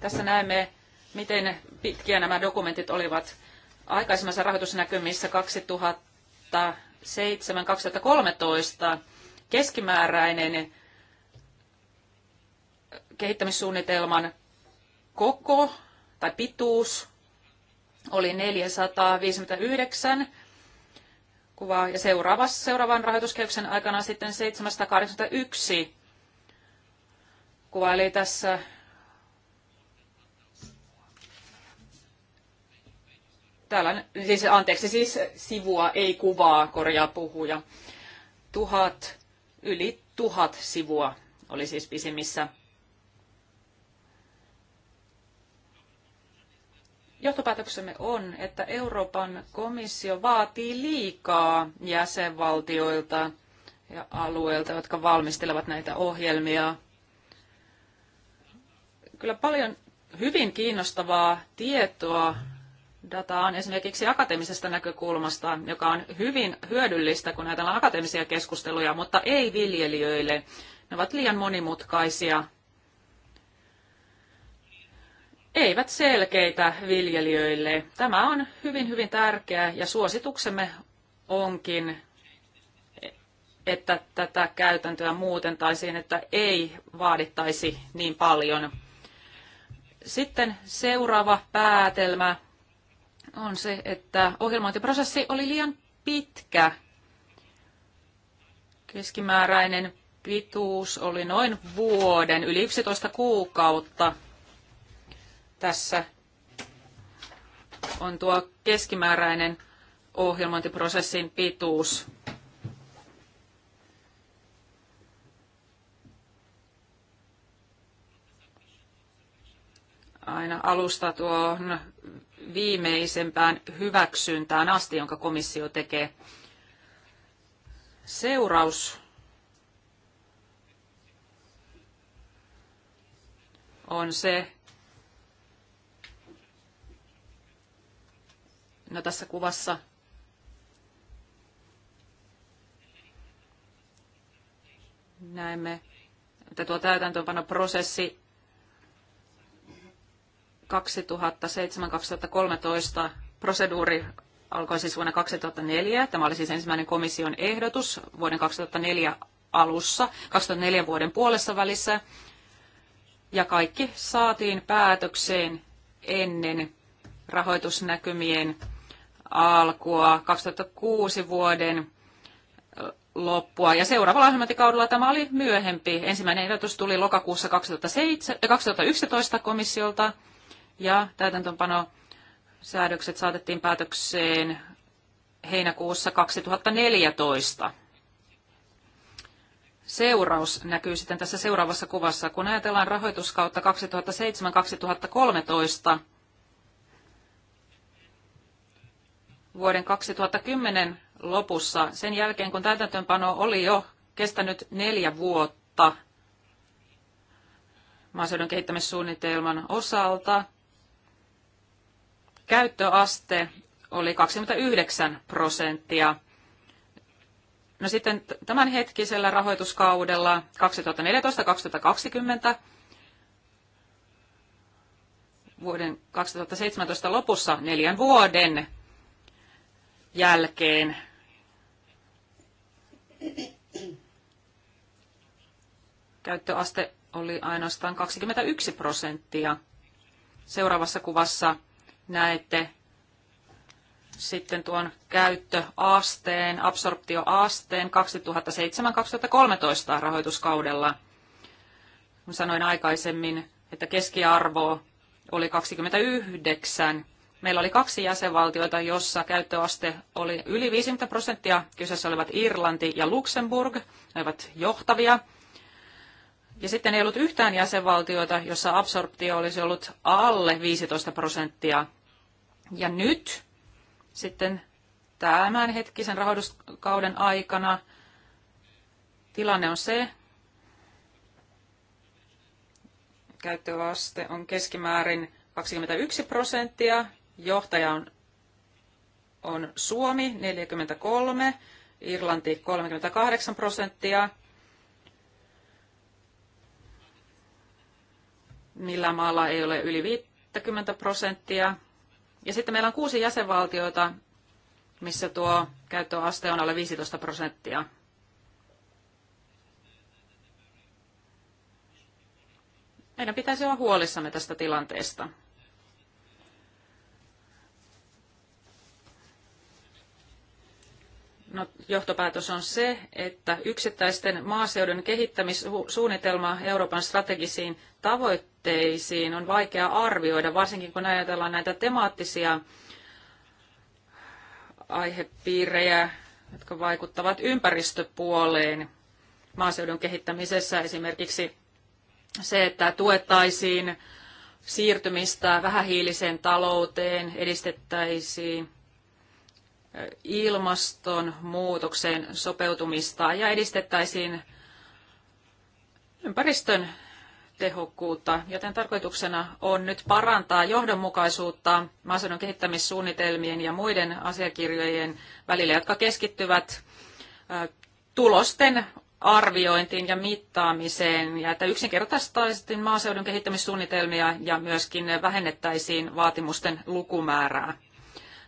Tässä näemme, miten pitkiä nämä dokumentit olivat aikaisemmassa rahoitusnäkymissä 2007-2013 keskimääräinen kehittämissuunnitelman koko tai pituus oli 459 kuvaa ja seuraavassa, seuraavan rahoituskehyksen aikana sitten 781 kuvaa. Eli tässä täällä, siis, anteeksi, siis sivua ei kuvaa, korjaa puhuja. Tuhat, yli tuhat sivua oli siis pisimmissä Johtopäätöksemme on, että Euroopan komissio vaatii liikaa jäsenvaltioilta ja alueilta, jotka valmistelevat näitä ohjelmia. Kyllä paljon hyvin kiinnostavaa tietoa dataa on esimerkiksi akateemisesta näkökulmasta, joka on hyvin hyödyllistä, kun ajatellaan akateemisia keskusteluja, mutta ei viljelijöille. Ne ovat liian monimutkaisia eivät selkeitä viljelijöille. Tämä on hyvin, hyvin tärkeää ja suosituksemme onkin, että tätä käytäntöä muutentaisiin, että ei vaadittaisi niin paljon. Sitten seuraava päätelmä on se, että ohjelmointiprosessi oli liian pitkä. Keskimääräinen pituus oli noin vuoden, yli 11 kuukautta tässä on tuo keskimääräinen ohjelmointiprosessin pituus. Aina alusta tuohon viimeisempään hyväksyntään asti, jonka komissio tekee. Seuraus on se, no tässä kuvassa näemme, että tuo täytäntöönpanoprosessi 2007-2013 proseduuri alkoi siis vuonna 2004. Tämä oli siis ensimmäinen komission ehdotus vuoden 2004 alussa, 2004 vuoden puolessa välissä. Ja kaikki saatiin päätökseen ennen rahoitusnäkymien alkua, 2006 vuoden loppua. Ja seuraavalla ohjelmointikaudella tämä oli myöhempi. Ensimmäinen ehdotus tuli lokakuussa 2007, 2011 äh, komissiolta ja täytäntöönpano säädökset saatettiin päätökseen heinäkuussa 2014. Seuraus näkyy sitten tässä seuraavassa kuvassa. Kun ajatellaan rahoituskautta 2007-2013, vuoden 2010 lopussa, sen jälkeen kun täytäntöönpano oli jo kestänyt neljä vuotta maaseudun kehittämissuunnitelman osalta, käyttöaste oli 29 prosenttia. No sitten tämänhetkisellä rahoituskaudella 2014-2020 vuoden 2017 lopussa neljän vuoden jälkeen. Käyttöaste oli ainoastaan 21 prosenttia. Seuraavassa kuvassa näette sitten tuon käyttöasteen, absorptioasteen 2007-2013 rahoituskaudella. Sanoin aikaisemmin, että keskiarvo oli 29 meillä oli kaksi jäsenvaltiota, jossa käyttöaste oli yli 50 prosenttia. Kyseessä olivat Irlanti ja Luxemburg, ne ovat johtavia. Ja sitten ei ollut yhtään jäsenvaltiota, jossa absorptio olisi ollut alle 15 prosenttia. Ja nyt sitten tämänhetkisen rahoituskauden aikana tilanne on se, käyttöaste on keskimäärin 21 prosenttia Johtaja on, on Suomi 43, Irlanti 38 prosenttia. Millä maalla ei ole yli 50 prosenttia. Ja sitten meillä on kuusi jäsenvaltiota, missä tuo käyttöaste on alle 15 prosenttia. Meidän pitäisi olla huolissamme tästä tilanteesta. No, johtopäätös on se, että yksittäisten maaseudun kehittämissuunnitelma Euroopan strategisiin tavoitteisiin on vaikea arvioida, varsinkin kun ajatellaan näitä temaattisia aihepiirejä, jotka vaikuttavat ympäristöpuoleen maaseudun kehittämisessä. Esimerkiksi se, että tuettaisiin siirtymistä vähähiiliseen talouteen, edistettäisiin ilmastonmuutokseen sopeutumista ja edistettäisiin ympäristön tehokkuutta, joten tarkoituksena on nyt parantaa johdonmukaisuutta maaseudun kehittämissuunnitelmien ja muiden asiakirjojen välillä, jotka keskittyvät tulosten arviointiin ja mittaamiseen, ja että yksinkertaistaisiin maaseudun kehittämissuunnitelmia ja myöskin vähennettäisiin vaatimusten lukumäärää.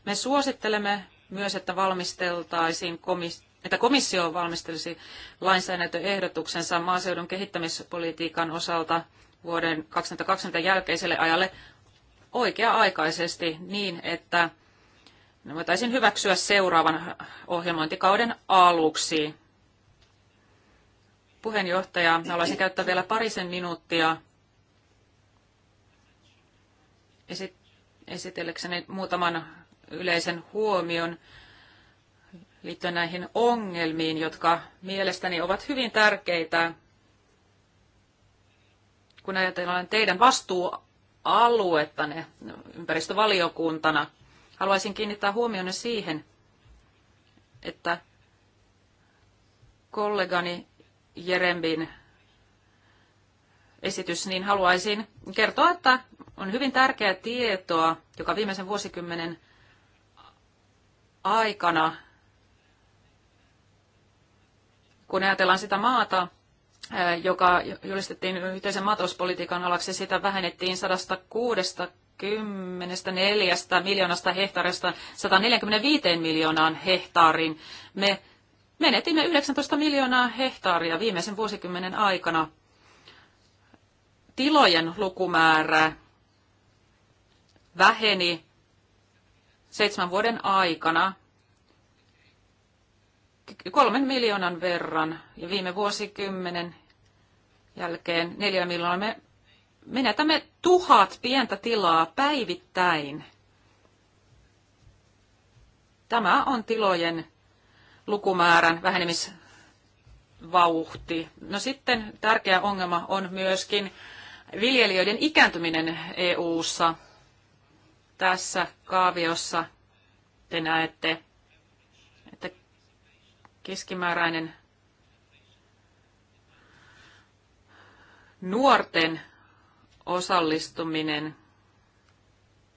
Me suosittelemme myös, että valmisteltaisiin komissio että komissio valmistelisi lainsäädäntöehdotuksensa maaseudun kehittämispolitiikan osalta vuoden 2020 jälkeiselle ajalle oikea-aikaisesti niin, että ne voitaisiin hyväksyä seuraavan ohjelmointikauden aluksi. Puheenjohtaja, haluaisin käyttää vielä parisen minuuttia esitellekseni muutaman yleisen huomion liittyen näihin ongelmiin, jotka mielestäni ovat hyvin tärkeitä, kun ajatellaan teidän vastuualuettanne ympäristövaliokuntana. Haluaisin kiinnittää huomionne siihen, että kollegani Jerembin esitys, niin haluaisin kertoa, että on hyvin tärkeää tietoa, joka viimeisen vuosikymmenen aikana, kun ajatellaan sitä maata, eh, joka julistettiin yhteisen maatalouspolitiikan alaksi, sitä vähennettiin 164 miljoonasta hehtaarista 145 miljoonaan hehtaariin. Me menetimme 19 miljoonaa hehtaaria viimeisen vuosikymmenen aikana. Tilojen lukumäärä väheni seitsemän vuoden aikana kolmen miljoonan verran ja viime vuosikymmenen jälkeen neljä miljoonaa. Me menetämme tuhat pientä tilaa päivittäin. Tämä on tilojen lukumäärän vähenemisvauhti. No sitten tärkeä ongelma on myöskin viljelijöiden ikääntyminen EU-ssa – tässä kaaviossa te näette, että keskimääräinen nuorten osallistuminen.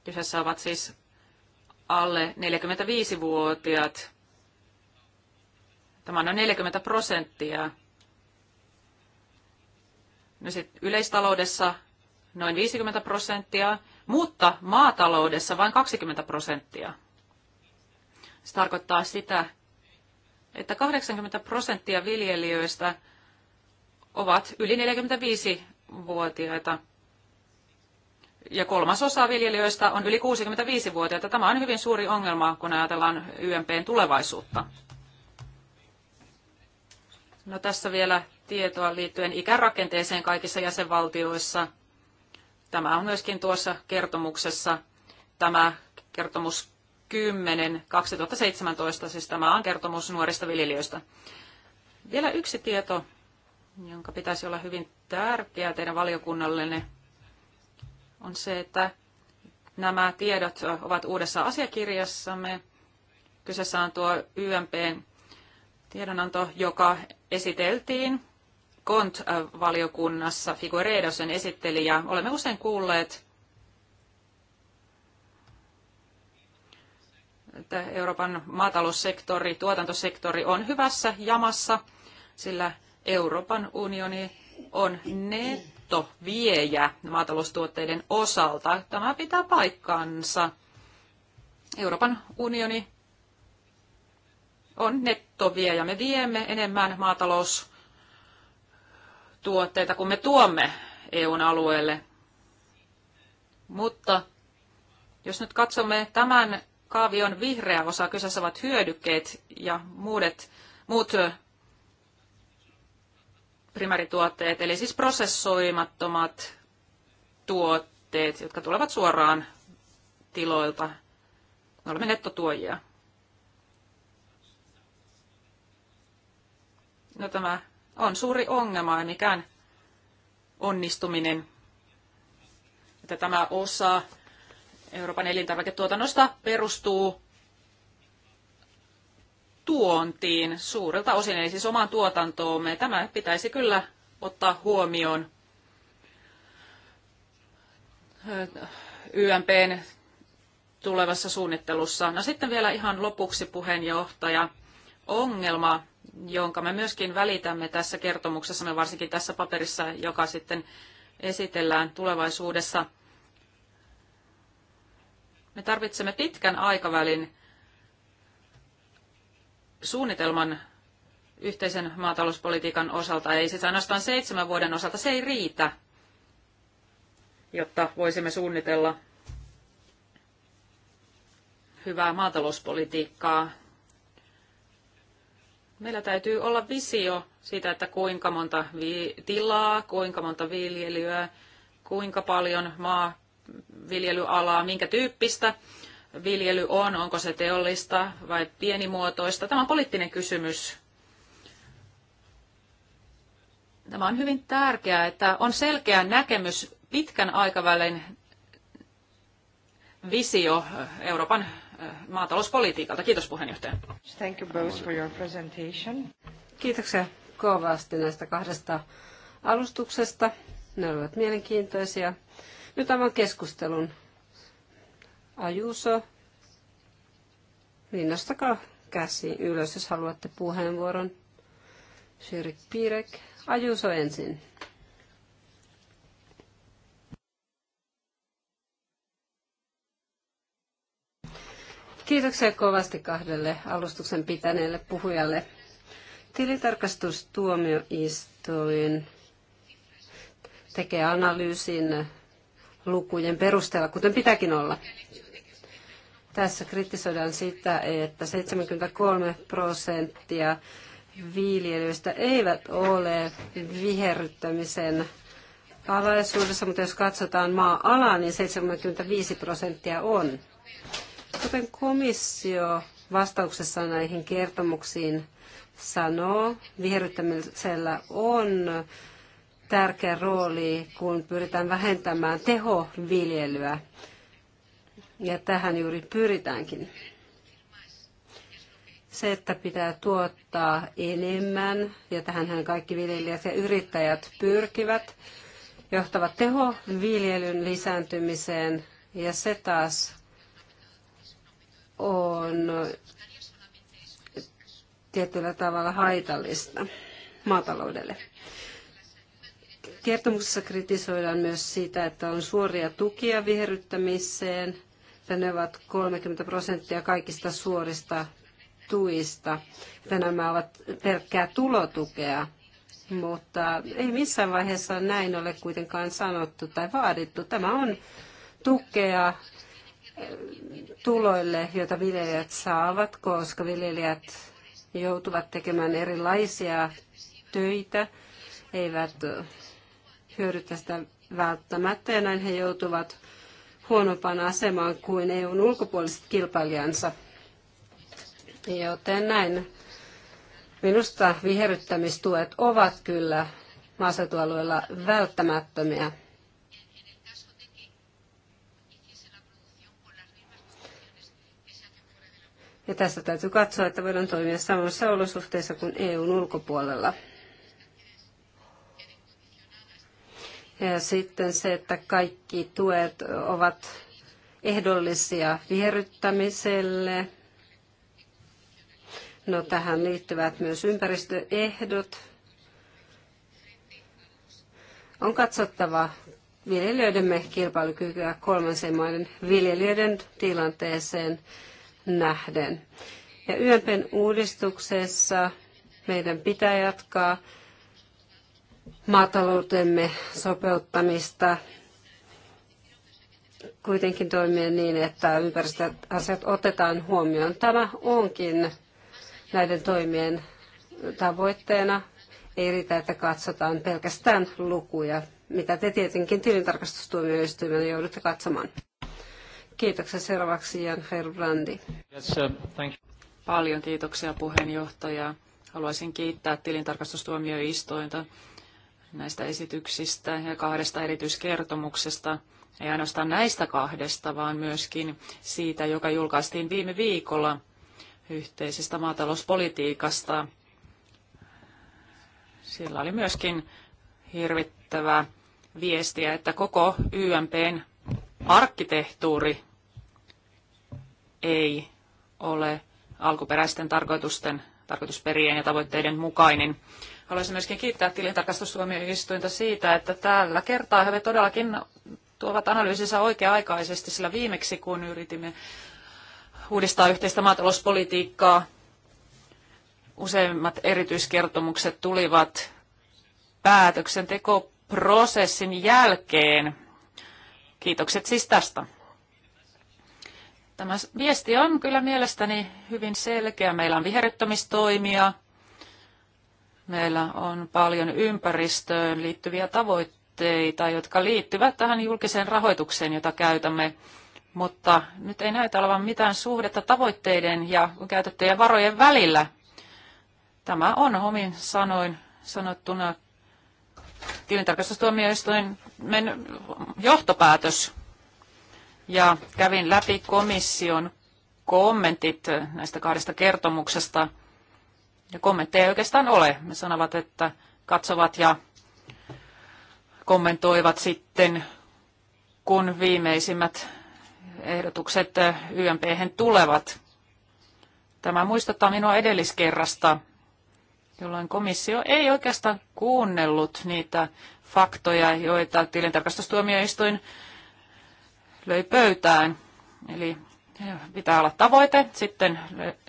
Kyseessä ovat siis alle 45-vuotiaat. Tämä on noin 40 prosenttia. No sit yleistaloudessa noin 50 prosenttia, mutta maataloudessa vain 20 prosenttia. Se tarkoittaa sitä, että 80 prosenttia viljelijöistä ovat yli 45-vuotiaita ja kolmasosa viljelijöistä on yli 65-vuotiaita. Tämä on hyvin suuri ongelma, kun ajatellaan YMPn tulevaisuutta. No tässä vielä tietoa liittyen ikärakenteeseen kaikissa jäsenvaltioissa – Tämä on myöskin tuossa kertomuksessa tämä kertomus 10 2017, siis tämä on kertomus nuorista viljelijöistä. Vielä yksi tieto, jonka pitäisi olla hyvin tärkeä teidän valiokunnallenne, on se, että nämä tiedot ovat uudessa asiakirjassamme. Kyseessä on tuo YMPn tiedonanto, joka esiteltiin KONT-valiokunnassa Figueredo sen esitteli ja olemme usein kuulleet, että Euroopan maataloussektori, tuotantosektori on hyvässä jamassa, sillä Euroopan unioni on nettoviejä maataloustuotteiden osalta. Tämä pitää paikkansa. Euroopan unioni on nettoviejä. Me viemme enemmän maatalous tuotteita, kun me tuomme EUn alueelle. Mutta jos nyt katsomme tämän kaavion vihreä osa, kyseessä ovat hyödykkeet ja muudet, muut primärituotteet, eli siis prosessoimattomat tuotteet, jotka tulevat suoraan tiloilta. Me olemme nettotuojia. No tämä on suuri ongelma ja mikään onnistuminen, että tämä osa Euroopan elintarviketuotannosta perustuu tuontiin suurelta osin, eli siis omaan tuotantoomme. Tämä pitäisi kyllä ottaa huomioon YMPn tulevassa suunnittelussa. No sitten vielä ihan lopuksi puheenjohtaja. Ongelma jonka me myöskin välitämme tässä kertomuksessa, me varsinkin tässä paperissa, joka sitten esitellään tulevaisuudessa. Me tarvitsemme pitkän aikavälin suunnitelman yhteisen maatalouspolitiikan osalta, ei siis ainoastaan seitsemän vuoden osalta, se ei riitä, jotta voisimme suunnitella hyvää maatalouspolitiikkaa Meillä täytyy olla visio siitä, että kuinka monta tilaa, kuinka monta viljelyä, kuinka paljon maaviljelyalaa, minkä tyyppistä viljely on, onko se teollista vai pienimuotoista. Tämä on poliittinen kysymys. Tämä on hyvin tärkeää, että on selkeä näkemys pitkän aikavälin visio Euroopan Äh, maatalouspolitiikalta. Kiitos puheenjohtaja. Thank you both for your presentation. Kiitoksia kovasti näistä kahdesta alustuksesta. Ne olivat mielenkiintoisia. Nyt avaan keskustelun. Ajuso, linnastakaa käsi ylös, jos haluatte puheenvuoron. Shirik Pirek, Ajuso ensin. Kiitoksia kovasti kahdelle alustuksen pitäneelle puhujalle. Tilitarkastustuomioistuin tekee analyysin lukujen perusteella, kuten pitääkin olla. Tässä kritisoidaan sitä, että 73 prosenttia viljelijöistä eivät ole viherryttämisen alaisuudessa, mutta jos katsotaan maa-alaa, niin 75 prosenttia on. Kuten komissio vastauksessa näihin kertomuksiin sanoo, viherryttämisellä on tärkeä rooli, kun pyritään vähentämään tehoviljelyä. Ja tähän juuri pyritäänkin. Se, että pitää tuottaa enemmän, ja tähänhän kaikki viljelijät ja yrittäjät pyrkivät, johtavat tehoviljelyn lisääntymiseen, ja se taas on tietyllä tavalla haitallista maataloudelle. Kertomuksessa kritisoidaan myös sitä, että on suoria tukia viherryttämiseen, että ne ovat 30 prosenttia kaikista suorista tuista, että nämä ovat pelkkää tulotukea, mutta ei missään vaiheessa näin ole kuitenkaan sanottu tai vaadittu. Tämä on tukea tuloille, joita viljelijät saavat, koska viljelijät joutuvat tekemään erilaisia töitä, eivät hyödy tästä välttämättä, ja näin he joutuvat huonompaan asemaan kuin EUn ulkopuoliset kilpailijansa. Joten näin minusta viherryttämistuet ovat kyllä maaseutualueella välttämättömiä. Ja tässä täytyy katsoa, että voidaan toimia samassa olosuhteissa kuin EUn ulkopuolella. Ja sitten se, että kaikki tuet ovat ehdollisia viherryttämiselle. No tähän liittyvät myös ympäristöehdot. On katsottava viljelijöidemme kilpailukykyä kolmansien maiden viljelijöiden tilanteeseen nähden. Ja YMPn uudistuksessa meidän pitää jatkaa maataloutemme sopeuttamista, kuitenkin toimia niin, että ympäristöasiat otetaan huomioon. Tämä onkin näiden toimien tavoitteena. Ei riitä, että katsotaan pelkästään lukuja, mitä te tietenkin tilintarkastustuomioistuimena joudutte katsomaan. Kiitoksia seuraavaksi Jan Herbrandi. Yes, Paljon kiitoksia puheenjohtaja. Haluaisin kiittää tilintarkastustuomioistointa näistä esityksistä ja kahdesta erityiskertomuksesta. Ei ainoastaan näistä kahdesta, vaan myöskin siitä, joka julkaistiin viime viikolla yhteisestä maatalouspolitiikasta. Sillä oli myöskin hirvittävä viestiä, että koko YMPn arkkitehtuuri ei ole alkuperäisten tarkoitusten, tarkoitusperien ja tavoitteiden mukainen. Haluaisin myöskin kiittää tilintarkastustuomioistuinta siitä, että tällä kertaa he todellakin tuovat analyysinsa oikea-aikaisesti, sillä viimeksi kun yritimme uudistaa yhteistä maatalouspolitiikkaa, useimmat erityiskertomukset tulivat päätöksentekoprosessin jälkeen. Kiitokset siis tästä. Tämä viesti on kyllä mielestäni hyvin selkeä. Meillä on viherryttämistoimia, meillä on paljon ympäristöön liittyviä tavoitteita, jotka liittyvät tähän julkiseen rahoitukseen, jota käytämme. Mutta nyt ei näytä olevan mitään suhdetta tavoitteiden ja käytettyjen varojen välillä. Tämä on omin sanoin sanottuna tilintarkastustuomioistuimen johtopäätös ja kävin läpi komission kommentit näistä kahdesta kertomuksesta. Ja kommentteja ei oikeastaan ole. Me sanovat, että katsovat ja kommentoivat sitten, kun viimeisimmät ehdotukset ymp tulevat. Tämä muistuttaa minua edelliskerrasta, jolloin komissio ei oikeastaan kuunnellut niitä faktoja, joita tilintarkastustuomioistuin löi pöytään. Eli pitää olla tavoite, sitten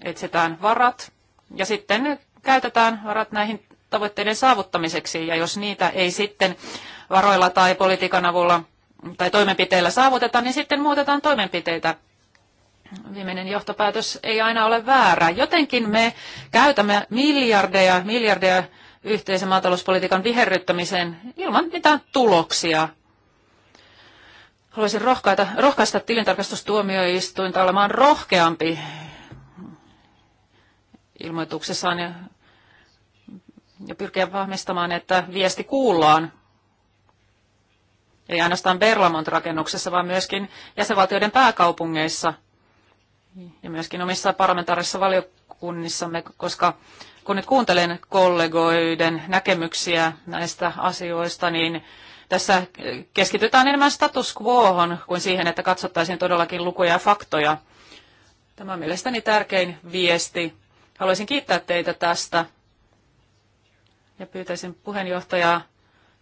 etsitään varat ja sitten käytetään varat näihin tavoitteiden saavuttamiseksi. Ja jos niitä ei sitten varoilla tai politiikan avulla tai toimenpiteillä saavuteta, niin sitten muutetaan toimenpiteitä. Viimeinen johtopäätös ei aina ole väärä. Jotenkin me käytämme miljardeja, miljardeja yhteisen maatalouspolitiikan viherryttämiseen ilman mitään tuloksia. Haluaisin rohkaita, rohkaista tilintarkastustuomioistuinta olemaan rohkeampi ilmoituksessaan ja, ja pyrkiä vahvistamaan, että viesti kuullaan. Ei ainoastaan Berlamont-rakennuksessa, vaan myöskin jäsenvaltioiden pääkaupungeissa ja myöskin omissa parlamentaarissa valiokunnissamme, koska kun nyt kuuntelen kollegoiden näkemyksiä näistä asioista, niin tässä keskitytään enemmän status quohon kuin siihen, että katsottaisiin todellakin lukuja ja faktoja. Tämä on mielestäni tärkein viesti. Haluaisin kiittää teitä tästä ja pyytäisin puheenjohtajaa,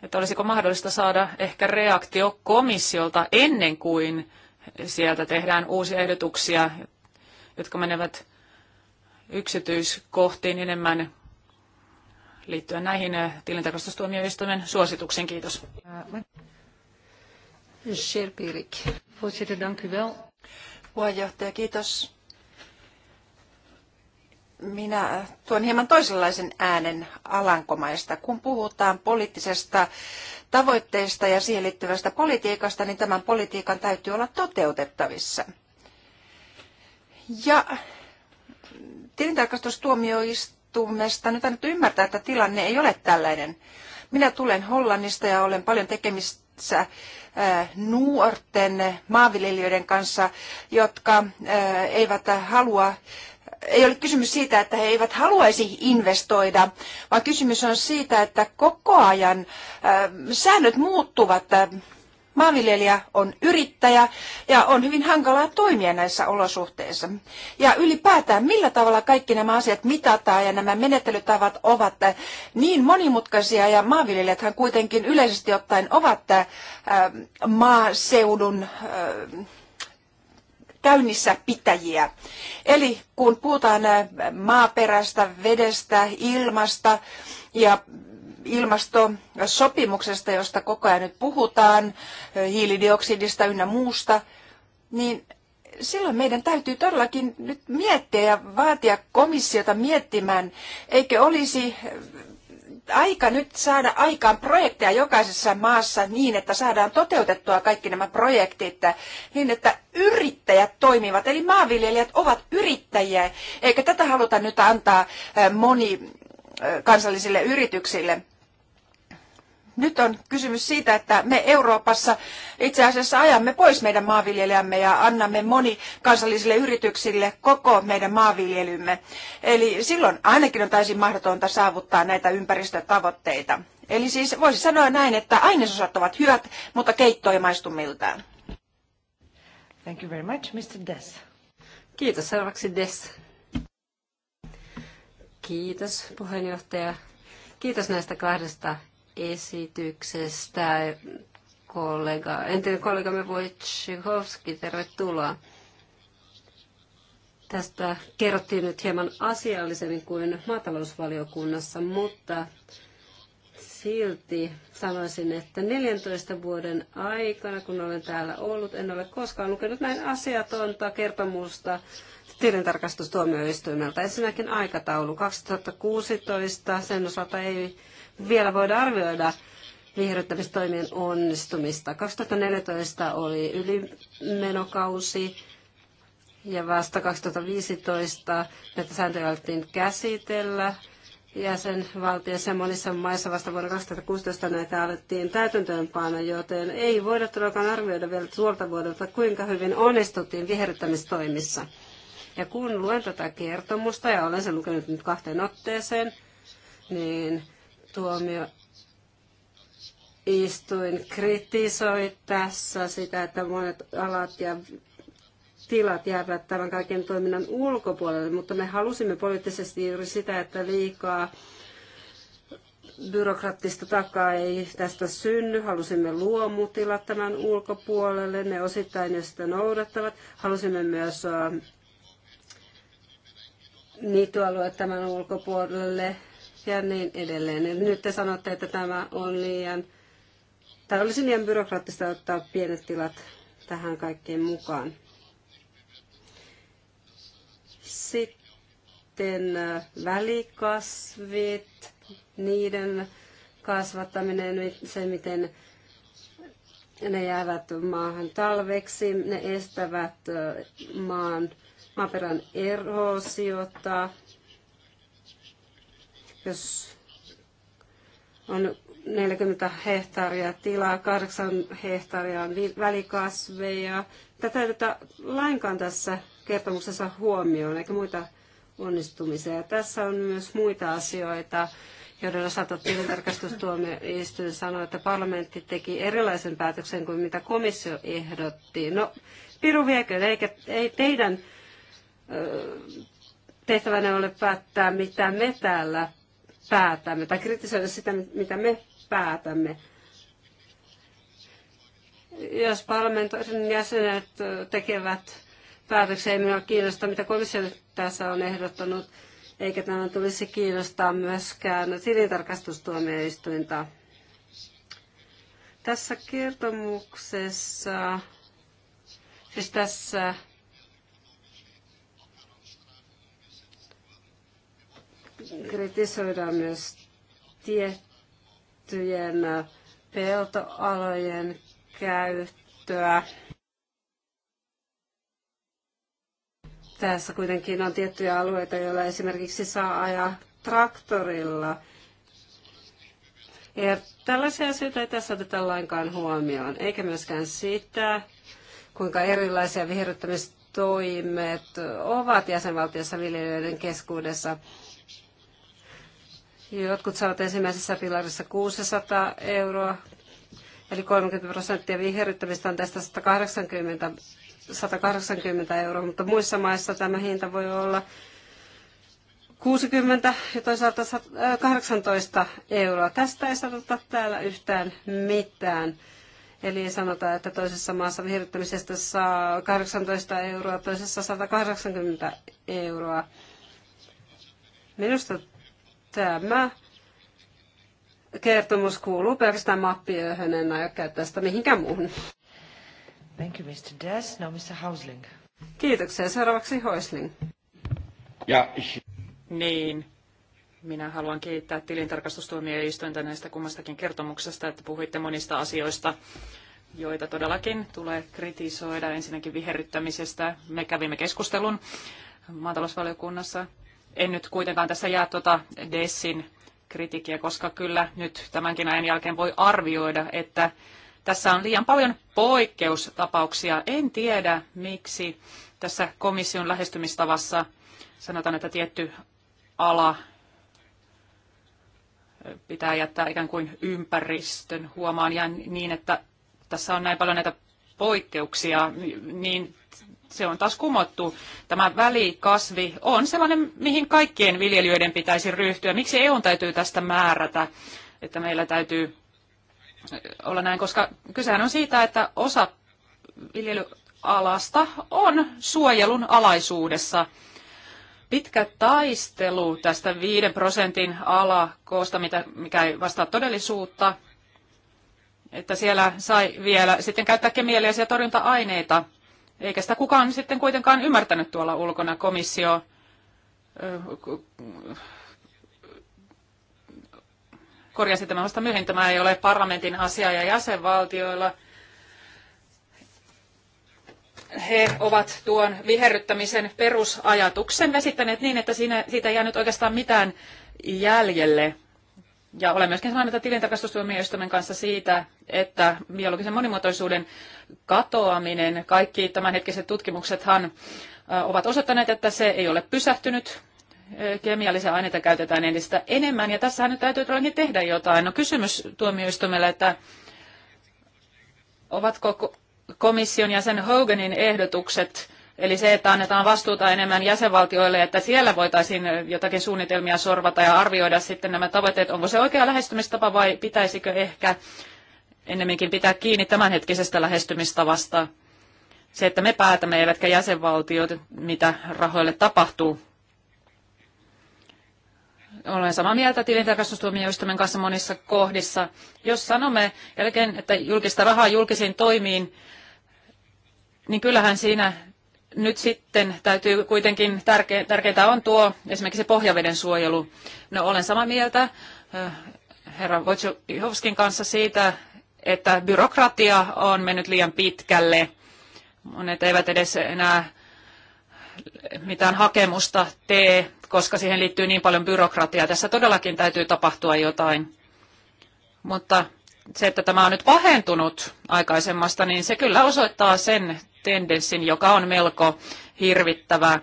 että olisiko mahdollista saada ehkä reaktio komissiolta ennen kuin sieltä tehdään uusia ehdotuksia, jotka menevät yksityiskohtiin enemmän liittyen näihin eh, tilintarkastustuomioistuimen suosituksiin. Kiitos. Puheenjohtaja, kiitos. Minä eh, tuon hieman toisenlaisen äänen Alankomaista. Kun puhutaan poliittisesta tavoitteista ja siihen liittyvästä politiikasta, niin tämän politiikan täytyy olla toteutettavissa. Ja tilintarkastustuomioistuin tapahtumesta nyt annettu ymmärtää, että tilanne ei ole tällainen. Minä tulen Hollannista ja olen paljon tekemistä äh, nuorten maanviljelijöiden kanssa, jotka äh, eivät halua ei ole kysymys siitä, että he eivät haluaisi investoida, vaan kysymys on siitä, että koko ajan äh, säännöt muuttuvat Maanviljelijä on yrittäjä ja on hyvin hankalaa toimia näissä olosuhteissa. Ja ylipäätään millä tavalla kaikki nämä asiat mitataan ja nämä menettelytavat ovat eh, niin monimutkaisia ja maanviljelijäthän kuitenkin yleisesti ottaen ovat eh, eh, maaseudun käynnissä pitäjiä. Eli kun puhutaan maaperästä, vedestä, ilmasta ja ilmastosopimuksesta, josta koko ajan nyt puhutaan, hiilidioksidista ynnä muusta, niin silloin meidän täytyy todellakin nyt miettiä ja vaatia komissiota miettimään, eikö olisi aika nyt saada aikaan projekteja jokaisessa maassa niin, että saadaan toteutettua kaikki nämä projektit niin, että yrittäjät toimivat, eli maanviljelijät ovat yrittäjiä, eikä tätä haluta nyt antaa moni kansallisille yrityksille. Nyt on kysymys siitä, että me Euroopassa itse asiassa ajamme pois meidän maanviljelijämme ja annamme moni kansallisille yrityksille koko meidän maanviljelymme. Eli silloin ainakin on täysin mahdotonta saavuttaa näitä ympäristötavoitteita. Eli siis voisi sanoa näin, että ainesosat ovat hyvät, mutta keitto ei maistu miltään. Thank you very much, Mr. Des. Kiitos. Seuraavaksi Des. Kiitos puheenjohtaja. Kiitos näistä kahdesta esityksestä. Kollega, entinen kollegamme Wojciechowski, tervetuloa. Tästä kerrottiin nyt hieman asiallisemmin kuin maatalousvaliokunnassa, mutta silti sanoisin, että 14 vuoden aikana, kun olen täällä ollut, en ole koskaan lukenut näin asiatonta kertomusta tilintarkastustuomioistuimelta. Ensinnäkin aikataulu 2016, sen osalta ei vielä voida arvioida viherryttämistoimien onnistumista. 2014 oli ylimenokausi ja vasta 2015 näitä sääntöjä alettiin käsitellä sen ja monissa maissa vasta vuonna 2016 näitä alettiin täytäntöönpana, joten ei voida todellakaan arvioida vielä suolta vuodelta, kuinka hyvin onnistuttiin viherryttämistoimissa. Ja kun luen tätä kertomusta, ja olen sen lukenut nyt kahteen otteeseen, niin tuomio istuin kritisoi tässä sitä, että monet alat ja tilat jäävät tämän kaiken toiminnan ulkopuolelle, mutta me halusimme poliittisesti juuri sitä, että liikaa byrokraattista takaa ei tästä synny. Halusimme luomutilat tämän ulkopuolelle, ne osittain jo sitä noudattavat. Halusimme myös äh, niityalueet tämän ulkopuolelle ja niin edelleen. Eli nyt te sanotte, että tämä on liian, tai olisi liian byrokraattista ottaa pienet tilat tähän kaikkeen mukaan. Sitten äh, välikasvit, niiden kasvattaminen, se miten ne jäävät maahan talveksi, ne estävät äh, maan, maaperän erosiota, jos on 40 hehtaaria tilaa, 8 hehtaaria on välikasveja. Tätä ei oteta lainkaan tässä kertomuksessa huomioon, eikä muita onnistumisia. Ja tässä on myös muita asioita, joiden osalta tilintarkastustuomioistuin sanoi, että parlamentti teki erilaisen päätöksen kuin mitä komissio ehdotti. No, Piru viekö, eikä, ei teidän tehtävänä ole päättää, mitä me täällä päätämme tai kritisoida sitä, mitä me päätämme. Jos parlamentin jäsenet tekevät päätöksiä, ei minua kiinnosta, mitä komissio tässä on ehdottanut, eikä tämä tulisi kiinnostaa myöskään tilintarkastustuomioistuinta. Tässä kertomuksessa, siis tässä kritisoidaan myös tiettyjen peltoalojen käyttöä. Tässä kuitenkin on tiettyjä alueita, joilla esimerkiksi saa ajaa traktorilla. Ja tällaisia asioita ei tässä oteta lainkaan huomioon, eikä myöskään sitä, kuinka erilaisia viherryttämistoimet ovat jäsenvaltiossa viljelijöiden keskuudessa. Jotkut saavat ensimmäisessä pilarissa 600 euroa, eli 30 prosenttia viherryttämistä on tästä 180, 180 euroa, mutta muissa maissa tämä hinta voi olla 60 ja toisaalta 18 äh, euroa. Tästä ei sanota täällä yhtään mitään. Eli sanotaan, että toisessa maassa viherryttämisestä saa 18 euroa, toisessa 180 euroa. Minusta tämä kertomus kuuluu pelkästään mappiöhön, en aio käyttää sitä mihinkään muuhun. Thank you, Mr. Des. Now Mr. Hausling. Kiitoksia. Seuraavaksi Hoisling. Ja. Niin. Minä haluan kiittää tilintarkastustuomioistuinta näistä kummastakin kertomuksesta, että puhuitte monista asioista, joita todellakin tulee kritisoida. Ensinnäkin viherryttämisestä. Me kävimme keskustelun maatalousvaliokunnassa en nyt kuitenkaan tässä jää tuota Dessin kritiikkiä, koska kyllä nyt tämänkin ajan jälkeen voi arvioida, että tässä on liian paljon poikkeustapauksia. En tiedä, miksi tässä komission lähestymistavassa sanotaan, että tietty ala pitää jättää ikään kuin ympäristön huomaan ja niin, että tässä on näin paljon näitä poikkeuksia, niin se on taas kumottu. Tämä välikasvi on sellainen, mihin kaikkien viljelijöiden pitäisi ryhtyä. Miksi EU täytyy tästä määrätä, että meillä täytyy äh, olla näin, koska kysehän on siitä, että osa viljelyalasta on suojelun alaisuudessa. Pitkä taistelu tästä 5 prosentin alakoosta, mikä ei vastaa todellisuutta, että siellä sai vielä sitten käyttää kemiallisia torjunta-aineita – eikä sitä kukaan sitten kuitenkaan ymmärtänyt tuolla ulkona. Komissio korjasi tämän vasta myöhemmin. Tämä ei ole parlamentin asia ja jäsenvaltioilla he ovat tuon viherryttämisen perusajatuksen vesittäneet niin, että siitä ei jäänyt oikeastaan mitään jäljelle. Ja olen myöskin samaa mieltä tilintarkastustuomioistuimen kanssa siitä, että biologisen monimuotoisuuden katoaminen, kaikki tämänhetkiset tutkimuksethan ovat osoittaneet, että se ei ole pysähtynyt. Kemiallisia aineita käytetään entistä enemmän, ja tässähän nyt täytyy todellakin tehdä jotain. No kysymys tuomioistuimelle, että ovatko komission jäsen Hoganin ehdotukset Eli se, että annetaan vastuuta enemmän jäsenvaltioille, että siellä voitaisiin jotakin suunnitelmia sorvata ja arvioida sitten nämä tavoitteet, onko se oikea lähestymistapa vai pitäisikö ehkä ennemminkin pitää kiinni tämänhetkisestä lähestymistavasta. Se, että me päätämme, eivätkä jäsenvaltiot, mitä rahoille tapahtuu. Olen samaa mieltä tilintarkastustuomioistuimen kanssa monissa kohdissa. Jos sanomme jälkeen, että julkista rahaa julkisiin toimiin, niin kyllähän siinä nyt sitten täytyy kuitenkin, tärke, tärkeintä on tuo esimerkiksi pohjaveden suojelu. No olen samaa mieltä eh, herra Wojciechowskin kanssa siitä, että byrokratia on mennyt liian pitkälle. Monet eivät edes enää mitään hakemusta tee, koska siihen liittyy niin paljon byrokratiaa. Tässä todellakin täytyy tapahtua jotain. Mutta se, että tämä on nyt pahentunut aikaisemmasta, niin se kyllä osoittaa sen tendenssin, joka on melko hirvittävä.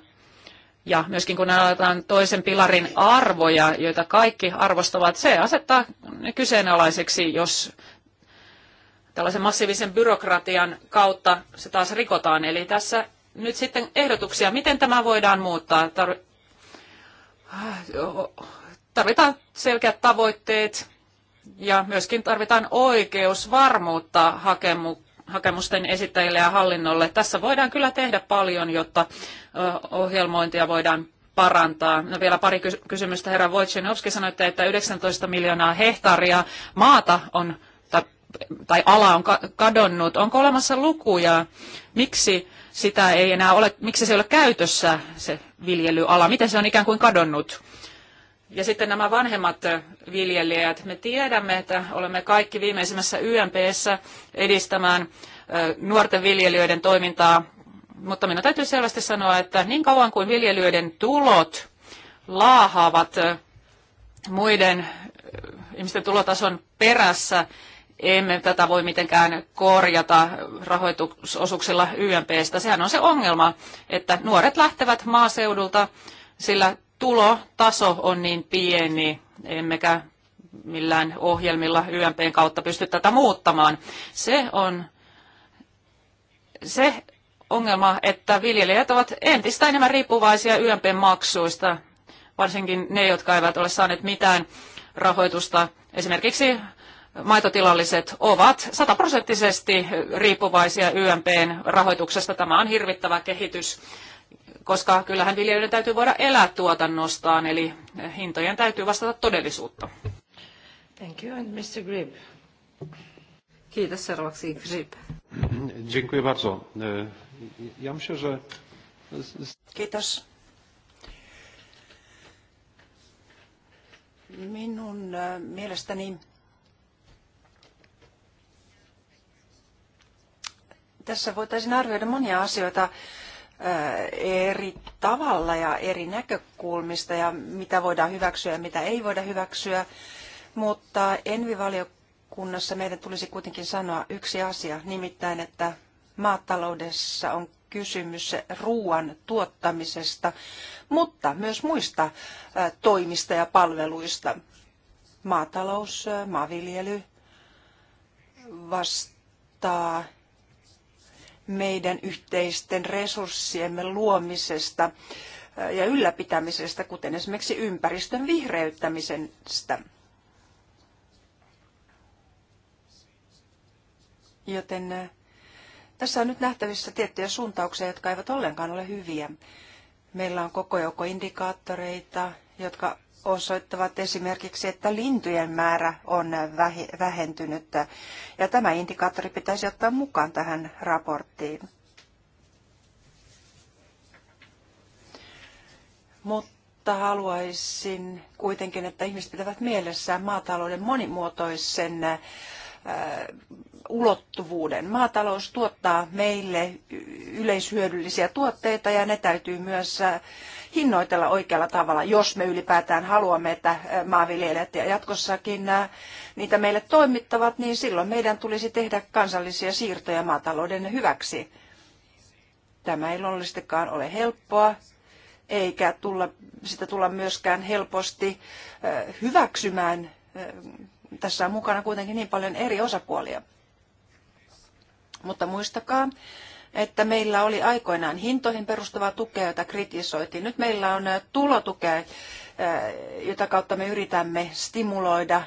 Ja myöskin kun aletaan toisen pilarin arvoja, joita kaikki arvostavat, se asettaa kyseenalaiseksi, jos tällaisen massiivisen byrokratian kautta se taas rikotaan. Eli tässä nyt sitten ehdotuksia, miten tämä voidaan muuttaa. Tarvitaan selkeät tavoitteet ja myöskin tarvitaan oikeusvarmuutta hakemu- hakemusten esittäjille ja hallinnolle. Tässä voidaan kyllä tehdä paljon, jotta ohjelmointia voidaan parantaa. No vielä pari kysymystä. Herra Wojciechowski sanoitte, että 19 miljoonaa hehtaaria maata on tai, tai ala on kadonnut. Onko olemassa lukuja? Miksi sitä ei enää ole, miksi se ei ole käytössä se viljelyala? Miten se on ikään kuin kadonnut? Ja sitten nämä vanhemmat viljelijät. Me tiedämme, että olemme kaikki viimeisimmässä YMPssä edistämään nuorten viljelijöiden toimintaa, mutta minun täytyy selvästi sanoa, että niin kauan kuin viljelijöiden tulot laahaavat muiden ihmisten tulotason perässä, emme tätä voi mitenkään korjata rahoitusosuuksilla YMPstä. Sehän on se ongelma, että nuoret lähtevät maaseudulta, sillä tulotaso on niin pieni, emmekä millään ohjelmilla YMPn kautta pysty tätä muuttamaan. Se on se ongelma, että viljelijät ovat entistä enemmän riippuvaisia YMPn maksuista, varsinkin ne, jotka eivät ole saaneet mitään rahoitusta. Esimerkiksi maitotilalliset ovat sataprosenttisesti riippuvaisia YMPn rahoituksesta. Tämä on hirvittävä kehitys koska kyllähän viljelijöiden täytyy voida elää tuotannostaan, eli hintojen täytyy vastata todellisuutta. Thank you, and Mr. Grib. Kiitos, seuraavaksi Grib. Dziękuję bardzo. E, ja myślę, że... Kiitos. Minun e, mielestäni tässä voitaisiin arvioida monia asioita eri tavalla ja eri näkökulmista ja mitä voidaan hyväksyä ja mitä ei voida hyväksyä. Mutta Envivaliokunnassa meidän tulisi kuitenkin sanoa yksi asia, nimittäin, että maataloudessa on kysymys ruoan tuottamisesta, mutta myös muista toimista ja palveluista. Maatalous, maanviljely vastaa meidän yhteisten resurssiemme luomisesta ja ylläpitämisestä, kuten esimerkiksi ympäristön vihreyttämisestä. Joten tässä on nyt nähtävissä tiettyjä suuntauksia, jotka eivät ollenkaan ole hyviä. Meillä on koko joukko indikaattoreita, jotka osoittavat esimerkiksi, että lintujen määrä on vähentynyt, ja tämä indikaattori pitäisi ottaa mukaan tähän raporttiin. Mutta haluaisin kuitenkin, että ihmiset pitävät mielessään maatalouden monimuotoisen äh, ulottuvuuden. Maatalous tuottaa meille yleishyödyllisiä tuotteita ja ne täytyy myös äh, hinnoitella oikealla tavalla, jos me ylipäätään haluamme, että maanviljelijät ja jatkossakin niitä meille toimittavat, niin silloin meidän tulisi tehdä kansallisia siirtoja maatalouden hyväksi. Tämä ei luonnollisestikaan ole helppoa, eikä tulla, sitä tulla myöskään helposti hyväksymään. Tässä on mukana kuitenkin niin paljon eri osapuolia. Mutta muistakaa, että meillä oli aikoinaan hintoihin perustuvaa tukea, jota kritisoitiin. Nyt meillä on äh, tulotukea, äh, jota kautta me yritämme stimuloida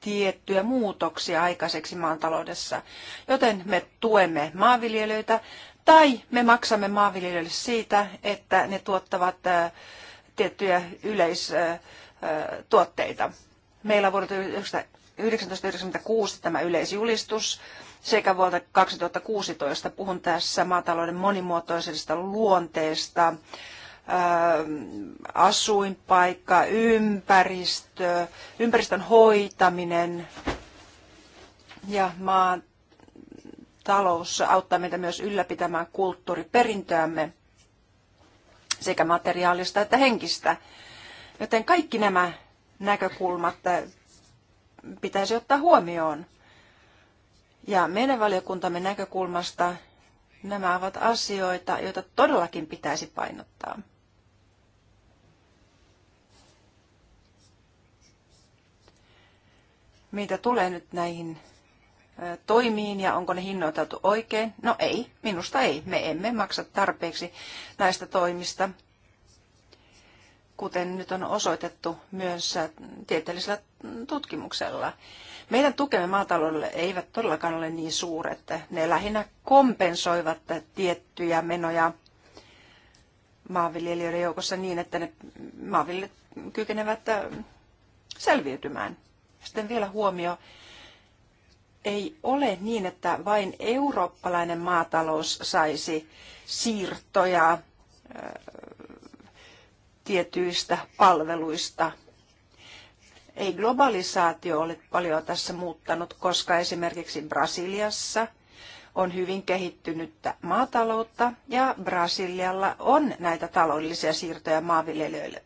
tiettyjä muutoksia aikaiseksi maantaloudessa. Joten me tuemme maanviljelijöitä tai me maksamme maanviljelijöille siitä, että ne tuottavat äh, tiettyjä yleistuotteita. Meillä on vuodelta 1996 tämä yleisjulistus, sekä vuotta 2016. Puhun tässä maatalouden monimuotoisesta luonteesta, öö, asuinpaikka, ympäristö, ympäristön hoitaminen ja maatalous auttaa meitä myös ylläpitämään kulttuuriperintöämme sekä materiaalista että henkistä. Joten kaikki nämä näkökulmat pitäisi ottaa huomioon. Ja meidän valiokuntamme näkökulmasta nämä ovat asioita, joita todellakin pitäisi painottaa. Mitä tulee nyt näihin toimiin ja onko ne hinnoiteltu oikein? No ei, minusta ei. Me emme maksa tarpeeksi näistä toimista, kuten nyt on osoitettu myös tieteellisellä tutkimuksella. Meidän tukemme maataloudelle eivät todellakaan ole niin suuret. Ne lähinnä kompensoivat tiettyjä menoja maanviljelijöiden joukossa niin, että ne maanviljelijät kykenevät äh, selviytymään. Sitten vielä huomio ei ole niin, että vain eurooppalainen maatalous saisi siirtoja äh, tietyistä palveluista ei globalisaatio ole paljon tässä muuttanut, koska esimerkiksi Brasiliassa on hyvin kehittynyttä maataloutta ja Brasilialla on näitä taloudellisia siirtoja maanviljelijöille.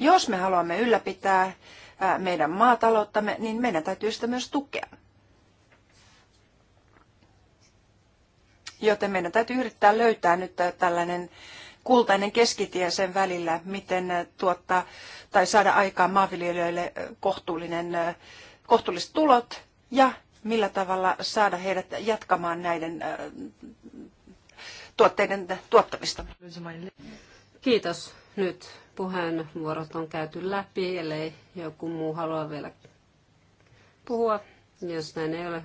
Jos me haluamme ylläpitää meidän maatalouttamme, niin meidän täytyy sitä myös tukea. Joten meidän täytyy yrittää löytää nyt tällainen kultainen keskitie sen välillä, miten äh, tuottaa tai saada aikaan maanviljelijöille äh, kohtuullinen, äh, kohtuulliset tulot ja millä tavalla saada heidät jatkamaan näiden tuotteiden tuottamista. Kiitos. Nyt puheenvuorot on käyty läpi, ellei joku muu halua vielä puhua. Jos näin ei ole,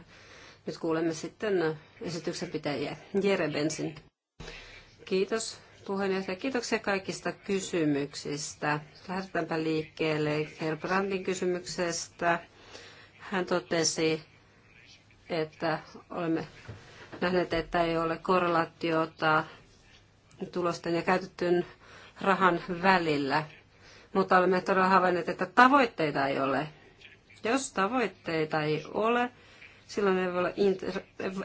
nyt kuulemme sitten esityksen pitäjiä. Jere Bensin. Kiitos puheenjohtaja. Kiitoksia kaikista kysymyksistä. Lähdetäänpä liikkeelle Herbrandin kysymyksestä. Hän totesi, että olemme nähneet, että ei ole korrelaatiota tulosten ja käytetyn rahan välillä. Mutta olemme todella havainneet, että tavoitteita ei ole. Jos tavoitteita ei ole, Silloin ei voi olla, inter,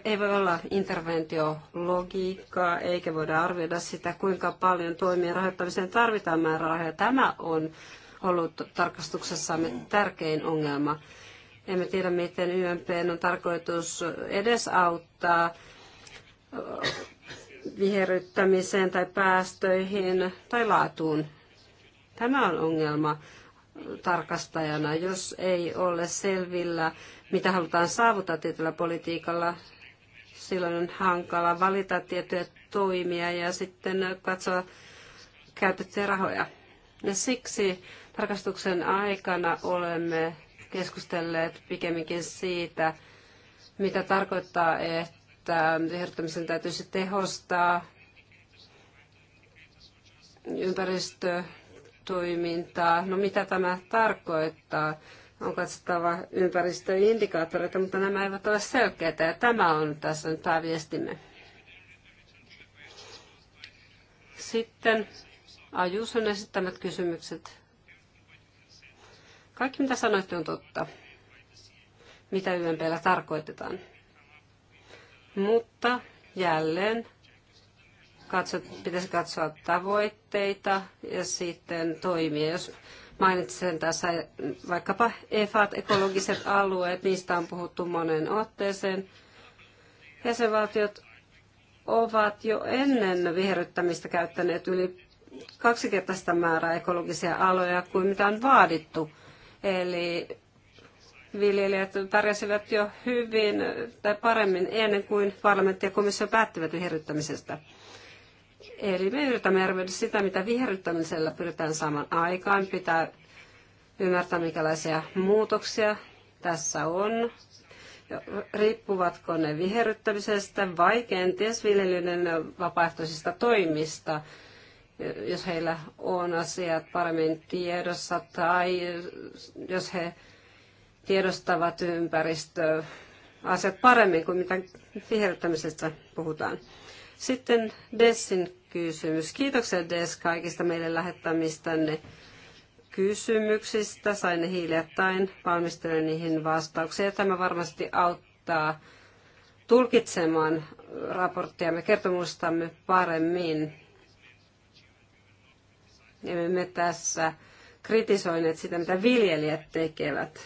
ei voi olla interventiologiikkaa, eikä voida arvioida sitä, kuinka paljon toimien rahoittamiseen tarvitaan määrärahoja. Tämä on ollut tarkastuksessamme tärkein ongelma. Emme tiedä, miten YMP on tarkoitus edesauttaa viherryttämiseen tai päästöihin tai laatuun. Tämä on ongelma tarkastajana, jos ei ole selvillä, mitä halutaan saavuttaa tietyllä politiikalla, silloin on hankala valita tiettyjä toimia ja sitten katsoa käytettyjä rahoja. Ja siksi tarkastuksen aikana olemme keskustelleet pikemminkin siitä, mitä tarkoittaa, että vihertämisen täytyisi tehostaa ympäristö- toimintaa. No mitä tämä tarkoittaa? On katsottava ympäristöindikaattoreita, mutta nämä eivät ole selkeitä ja tämä on tässä nyt viestimme. Sitten Ajuson esittämät kysymykset. Kaikki mitä sanoitte on totta. Mitä YMPllä tarkoitetaan. Mutta jälleen Katsot, pitäisi katsoa tavoitteita ja sitten toimia. Jos mainitsen tässä vaikkapa EFAT, ekologiset alueet, niistä on puhuttu monen otteeseen. Jäsenvaltiot ovat jo ennen viherryttämistä käyttäneet yli kaksikertaista määrää ekologisia aloja kuin mitä on vaadittu. Eli viljelijät pärjäsivät jo hyvin tai paremmin ennen kuin parlamentti ja komissio päättivät viherryttämisestä. Eli me yritämme arvioida sitä, mitä viherryttämisellä pyritään saamaan aikaan. Pitää ymmärtää, minkälaisia muutoksia tässä on. Riippuvatko ne viherryttämisestä vai kenties viljelyiden vapaaehtoisista toimista, jos heillä on asiat paremmin tiedossa tai jos he tiedostavat ympäristöasiat paremmin kuin mitä viherryttämisestä puhutaan. Sitten Dessin kysymys. Kiitoksia Des kaikista meille lähettämistänne kysymyksistä. Sain ne hiljattain, valmistelin niihin vastauksia. Tämä varmasti auttaa tulkitsemaan Me kertomustamme paremmin. Emme me tässä kritisoineet sitä, mitä viljelijät tekevät,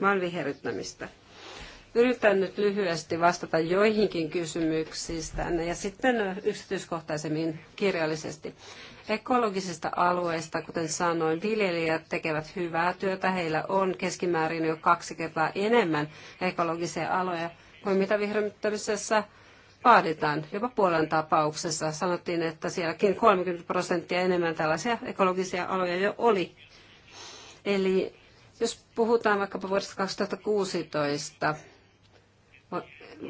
vaan viherryttämistä. Yritän nyt lyhyesti vastata joihinkin kysymyksistä ja sitten yksityiskohtaisemmin kirjallisesti. Ekologisista alueista, kuten sanoin, viljelijät tekevät hyvää työtä. Heillä on keskimäärin jo kaksi kertaa enemmän ekologisia aloja kuin mitä vihreämyttämisessä vaaditaan. Jopa puolen tapauksessa sanottiin, että sielläkin 30 prosenttia enemmän tällaisia ekologisia aloja jo oli. Eli jos puhutaan vaikkapa vuodesta 2016,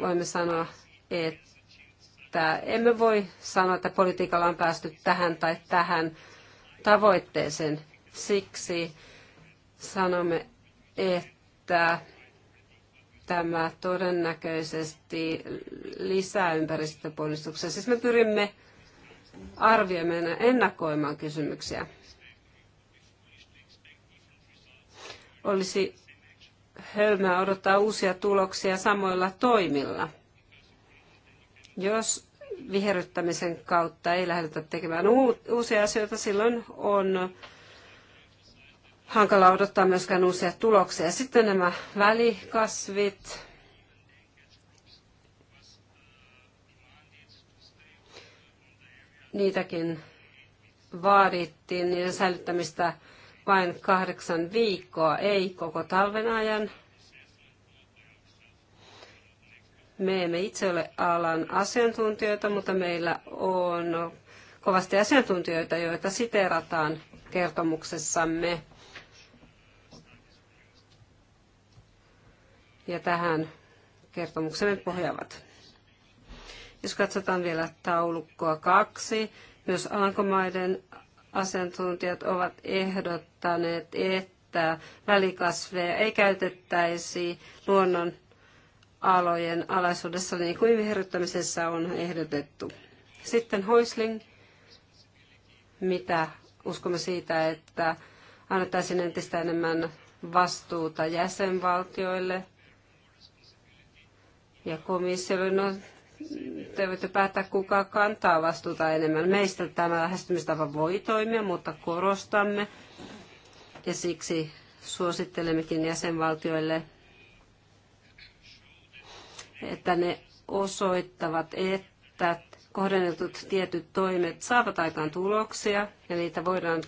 voimme sanoa, että emme voi sanoa, että politiikalla on päästy tähän tai tähän tavoitteeseen. Siksi sanomme, että tämä todennäköisesti lisää ympäristöpuolistuksia. Siis me pyrimme arvioimaan ja ennakoimaan kysymyksiä. Olisi hölmää odottaa uusia tuloksia samoilla toimilla. Jos viherryttämisen kautta ei lähdetä tekemään uusia asioita, silloin on hankala odottaa myöskään uusia tuloksia. Sitten nämä välikasvit. Niitäkin vaadittiin, niiden säilyttämistä vain kahdeksan viikkoa, ei koko talven ajan. Me emme itse ole alan asiantuntijoita, mutta meillä on kovasti asiantuntijoita, joita siteerataan kertomuksessamme. Ja tähän kertomuksemme pohjaavat. Jos katsotaan vielä taulukkoa kaksi, myös Alankomaiden asiantuntijat ovat ehdottaneet, että välikasveja ei käytettäisi luonnon alojen alaisuudessa niin kuin viherryttämisessä on ehdotettu. Sitten hoisling, mitä uskomme siitä, että annettaisiin entistä enemmän vastuuta jäsenvaltioille ja komissiolle. No, te voitte päättää, kuka kantaa vastuuta enemmän. Meistä tämä lähestymistapa voi toimia, mutta korostamme ja siksi suosittelemmekin jäsenvaltioille, että ne osoittavat, että kohdennetut tietyt toimet saavat aikaan tuloksia ja niitä voidaan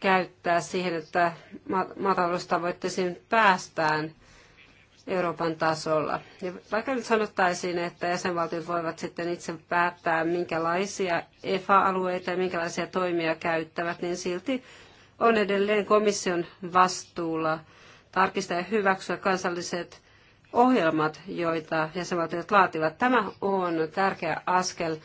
käyttää siihen, että maataloustavoitteisiin päästään – Euroopan tasolla. Ja vaikka nyt sanottaisiin, että jäsenvaltiot voivat sitten itse päättää, minkälaisia EFA-alueita ja minkälaisia toimia käyttävät, niin silti on edelleen komission vastuulla tarkistaa ja hyväksyä kansalliset ohjelmat, joita jäsenvaltiot laativat. Tämä on tärkeä askel,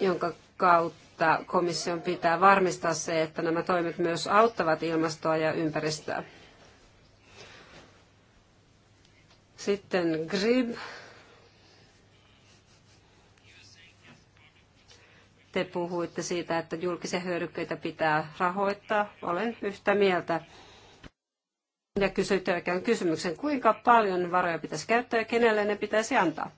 jonka kautta komission pitää varmistaa se, että nämä toimet myös auttavat ilmastoa ja ympäristöä. Sitten Grib. Te puhuitte siitä, että julkisia hyödykkeitä pitää rahoittaa. Olen yhtä mieltä. Ja kysyitte oikean kysymyksen, kuinka paljon varoja pitäisi käyttää ja kenelle ne pitäisi antaa.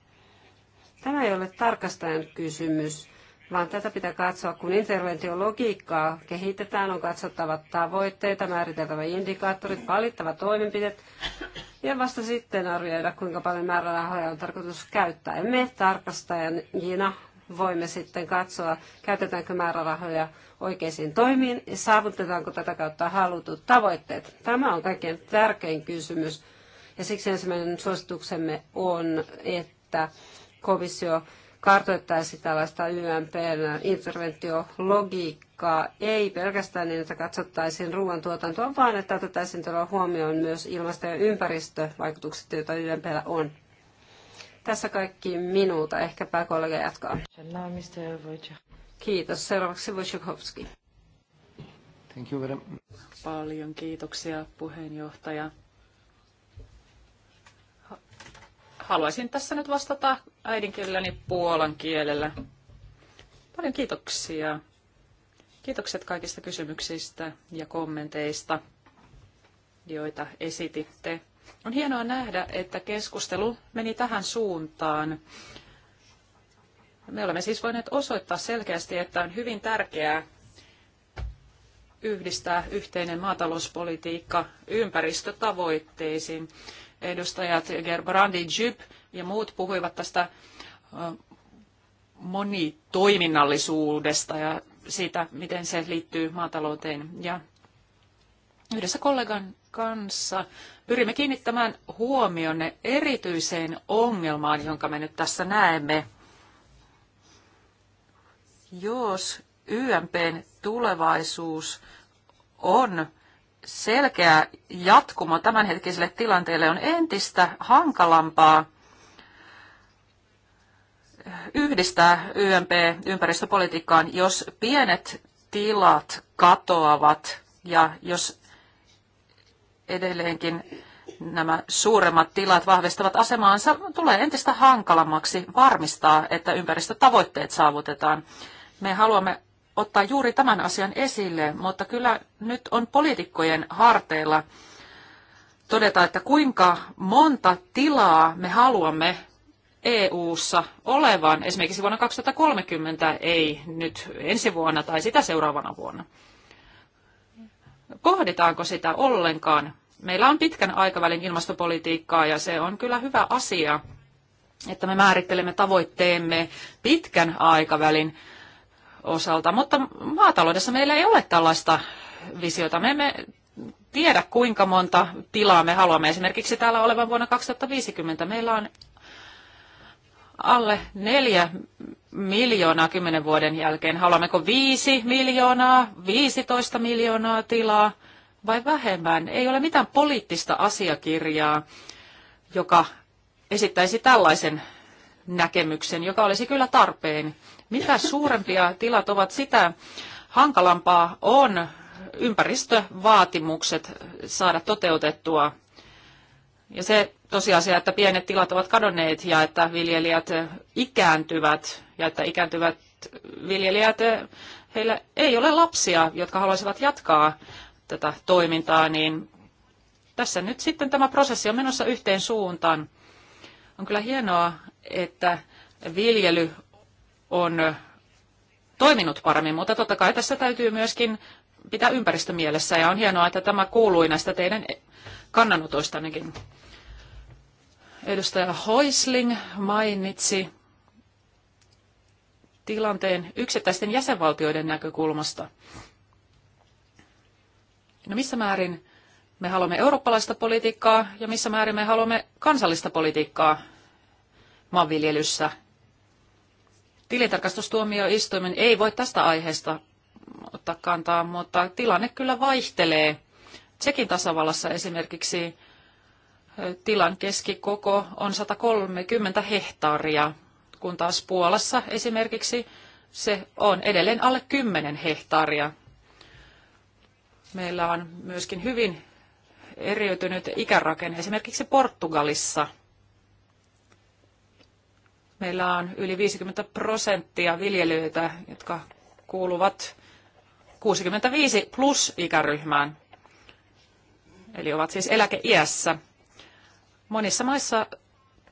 Tämä ei ole tarkastajan kysymys vaan tätä pitää katsoa, kun interventiologiikkaa kehitetään, on katsottava tavoitteita, määriteltävä indikaattorit, valittava toimenpiteet ja vasta sitten arvioida, kuinka paljon määrärahoja on tarkoitus käyttää. me tarkastajina voimme sitten katsoa, käytetäänkö määrärahoja oikeisiin toimiin ja saavutetaanko tätä kautta halutut tavoitteet. Tämä on kaikkein tärkein kysymys ja siksi ensimmäinen suosituksemme on, että komissio kartoittaisi tällaista YMPn interventiologiikkaa, ei pelkästään niin, että katsottaisiin ruoantuotantoa, vaan että otettaisiin todella huomioon myös ilmasto- ja ympäristövaikutukset, joita YMPllä on. Tässä kaikki minulta. Ehkä kollega jatkaa. Kiitos. Seuraavaksi Wojciechowski. Thank you Paljon kiitoksia puheenjohtaja. haluaisin tässä nyt vastata äidinkielelläni puolan kielellä. Paljon kiitoksia. Kiitokset kaikista kysymyksistä ja kommenteista, joita esititte. On hienoa nähdä, että keskustelu meni tähän suuntaan. Me olemme siis voineet osoittaa selkeästi, että on hyvin tärkeää yhdistää yhteinen maatalouspolitiikka ympäristötavoitteisiin edustajat Gerbrandi Jyp ja muut puhuivat tästä monitoiminnallisuudesta ja siitä, miten se liittyy maatalouteen. Ja yhdessä kollegan kanssa pyrimme kiinnittämään huomionne erityiseen ongelmaan, jonka me nyt tässä näemme. Jos YMPn tulevaisuus on selkeä jatkumo tämänhetkiselle tilanteelle on entistä hankalampaa yhdistää YMP ympäristöpolitiikkaan, jos pienet tilat katoavat ja jos edelleenkin nämä suuremmat tilat vahvistavat asemaansa, tulee entistä hankalammaksi varmistaa, että ympäristötavoitteet saavutetaan. Me haluamme ottaa juuri tämän asian esille, mutta kyllä nyt on poliitikkojen harteilla todeta, että kuinka monta tilaa me haluamme EU-ssa olevan, esimerkiksi vuonna 2030, ei nyt ensi vuonna tai sitä seuraavana vuonna. Kohditaanko sitä ollenkaan? Meillä on pitkän aikavälin ilmastopolitiikkaa ja se on kyllä hyvä asia, että me määrittelemme tavoitteemme pitkän aikavälin osalta. Mutta maataloudessa meillä ei ole tällaista visiota. Me emme tiedä, kuinka monta tilaa me haluamme. Esimerkiksi täällä olevan vuonna 2050 meillä on alle neljä miljoonaa kymmenen vuoden jälkeen. Haluammeko viisi miljoonaa, viisitoista miljoonaa tilaa vai vähemmän? Ei ole mitään poliittista asiakirjaa, joka esittäisi tällaisen näkemyksen, joka olisi kyllä tarpeen. Mitä suurempia tilat ovat, sitä hankalampaa on ympäristövaatimukset saada toteutettua. Ja se tosiasia, että pienet tilat ovat kadonneet ja että viljelijät ikääntyvät ja että ikääntyvät viljelijät, heillä ei ole lapsia, jotka haluaisivat jatkaa tätä toimintaa, niin tässä nyt sitten tämä prosessi on menossa yhteen suuntaan. On kyllä hienoa, että viljely on toiminut paremmin, mutta totta kai tässä täytyy myöskin pitää ympäristö mielessä ja on hienoa, että tämä kuului näistä teidän kannanotoistannekin. Edustaja Hoisling mainitsi tilanteen yksittäisten jäsenvaltioiden näkökulmasta. No missä määrin me haluamme eurooppalaista politiikkaa ja missä määrin me haluamme kansallista politiikkaa maanviljelyssä Tilintarkastustuomioistuimen ei voi tästä aiheesta ottaa kantaa, mutta tilanne kyllä vaihtelee. Tsekin tasavallassa esimerkiksi tilan keskikoko on 130 hehtaaria, kun taas Puolassa esimerkiksi se on edelleen alle 10 hehtaaria. Meillä on myöskin hyvin eriytynyt ikärakenne esimerkiksi Portugalissa – Meillä on yli 50 prosenttia viljelijöitä, jotka kuuluvat 65 plus ikäryhmään, eli ovat siis eläkeiässä. Monissa maissa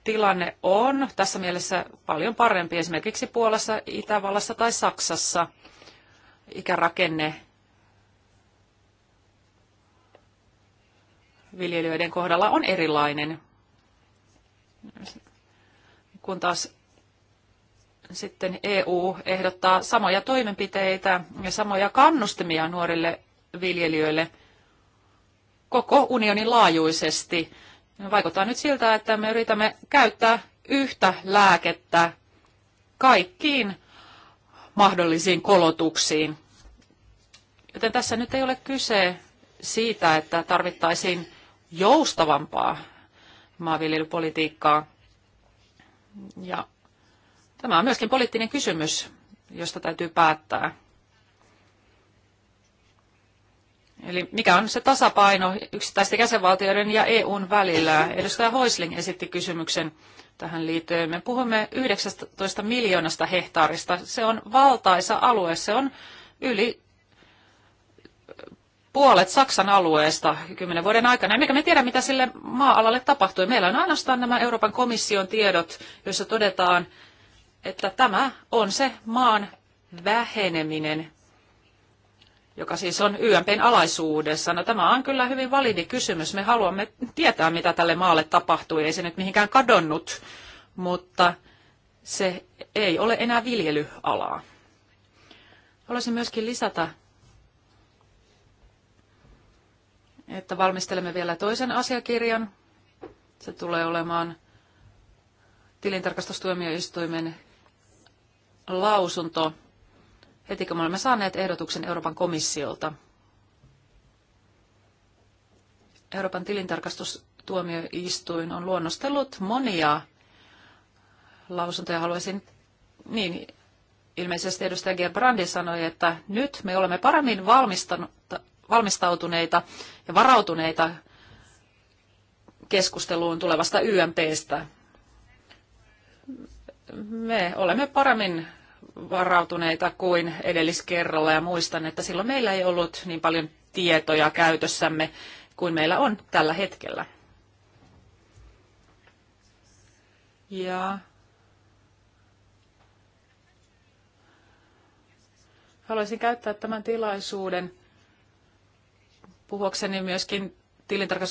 tilanne on tässä mielessä paljon parempi, esimerkiksi Puolassa, Itävallassa tai Saksassa ikärakenne viljelijöiden kohdalla on erilainen kun taas sitten EU ehdottaa samoja toimenpiteitä ja samoja kannustimia nuorille viljelijöille koko unionin laajuisesti. Vaikuttaa nyt siltä, että me yritämme käyttää yhtä lääkettä kaikkiin mahdollisiin kolotuksiin. Joten tässä nyt ei ole kyse siitä, että tarvittaisiin joustavampaa maanviljelypolitiikkaa. Ja tämä on myöskin poliittinen kysymys, josta täytyy päättää. Eli mikä on se tasapaino yksittäisten jäsenvaltioiden ja EUn välillä? Edustaja Hoisling esitti kysymyksen tähän liittyen. Me puhumme 19 miljoonasta hehtaarista. Se on valtaisa alue. Se on yli puolet Saksan alueesta kymmenen vuoden aikana, emmekä me tiedä, mitä sille maa-alalle tapahtui. Meillä on ainoastaan nämä Euroopan komission tiedot, joissa todetaan, että tämä on se maan väheneminen, joka siis on YMPn alaisuudessa. No tämä on kyllä hyvin validi kysymys. Me haluamme tietää, mitä tälle maalle tapahtui. Ei se nyt mihinkään kadonnut, mutta se ei ole enää viljelyalaa. Haluaisin myöskin lisätä että valmistelemme vielä toisen asiakirjan. Se tulee olemaan tilintarkastustuomioistuimen lausunto heti kun me olemme saaneet ehdotuksen Euroopan komissiolta. Euroopan tilintarkastustuomioistuin on luonnostellut monia lausuntoja. Haluaisin, niin ilmeisesti edustaja Gerbrandi sanoi, että nyt me olemme paremmin valmistautuneita ja varautuneita keskusteluun tulevasta YMPstä. Me olemme paremmin varautuneita kuin edelliskerralla ja muistan, että silloin meillä ei ollut niin paljon tietoja käytössämme kuin meillä on tällä hetkellä. Ja haluaisin käyttää tämän tilaisuuden puhuakseni myöskin tilintarkastus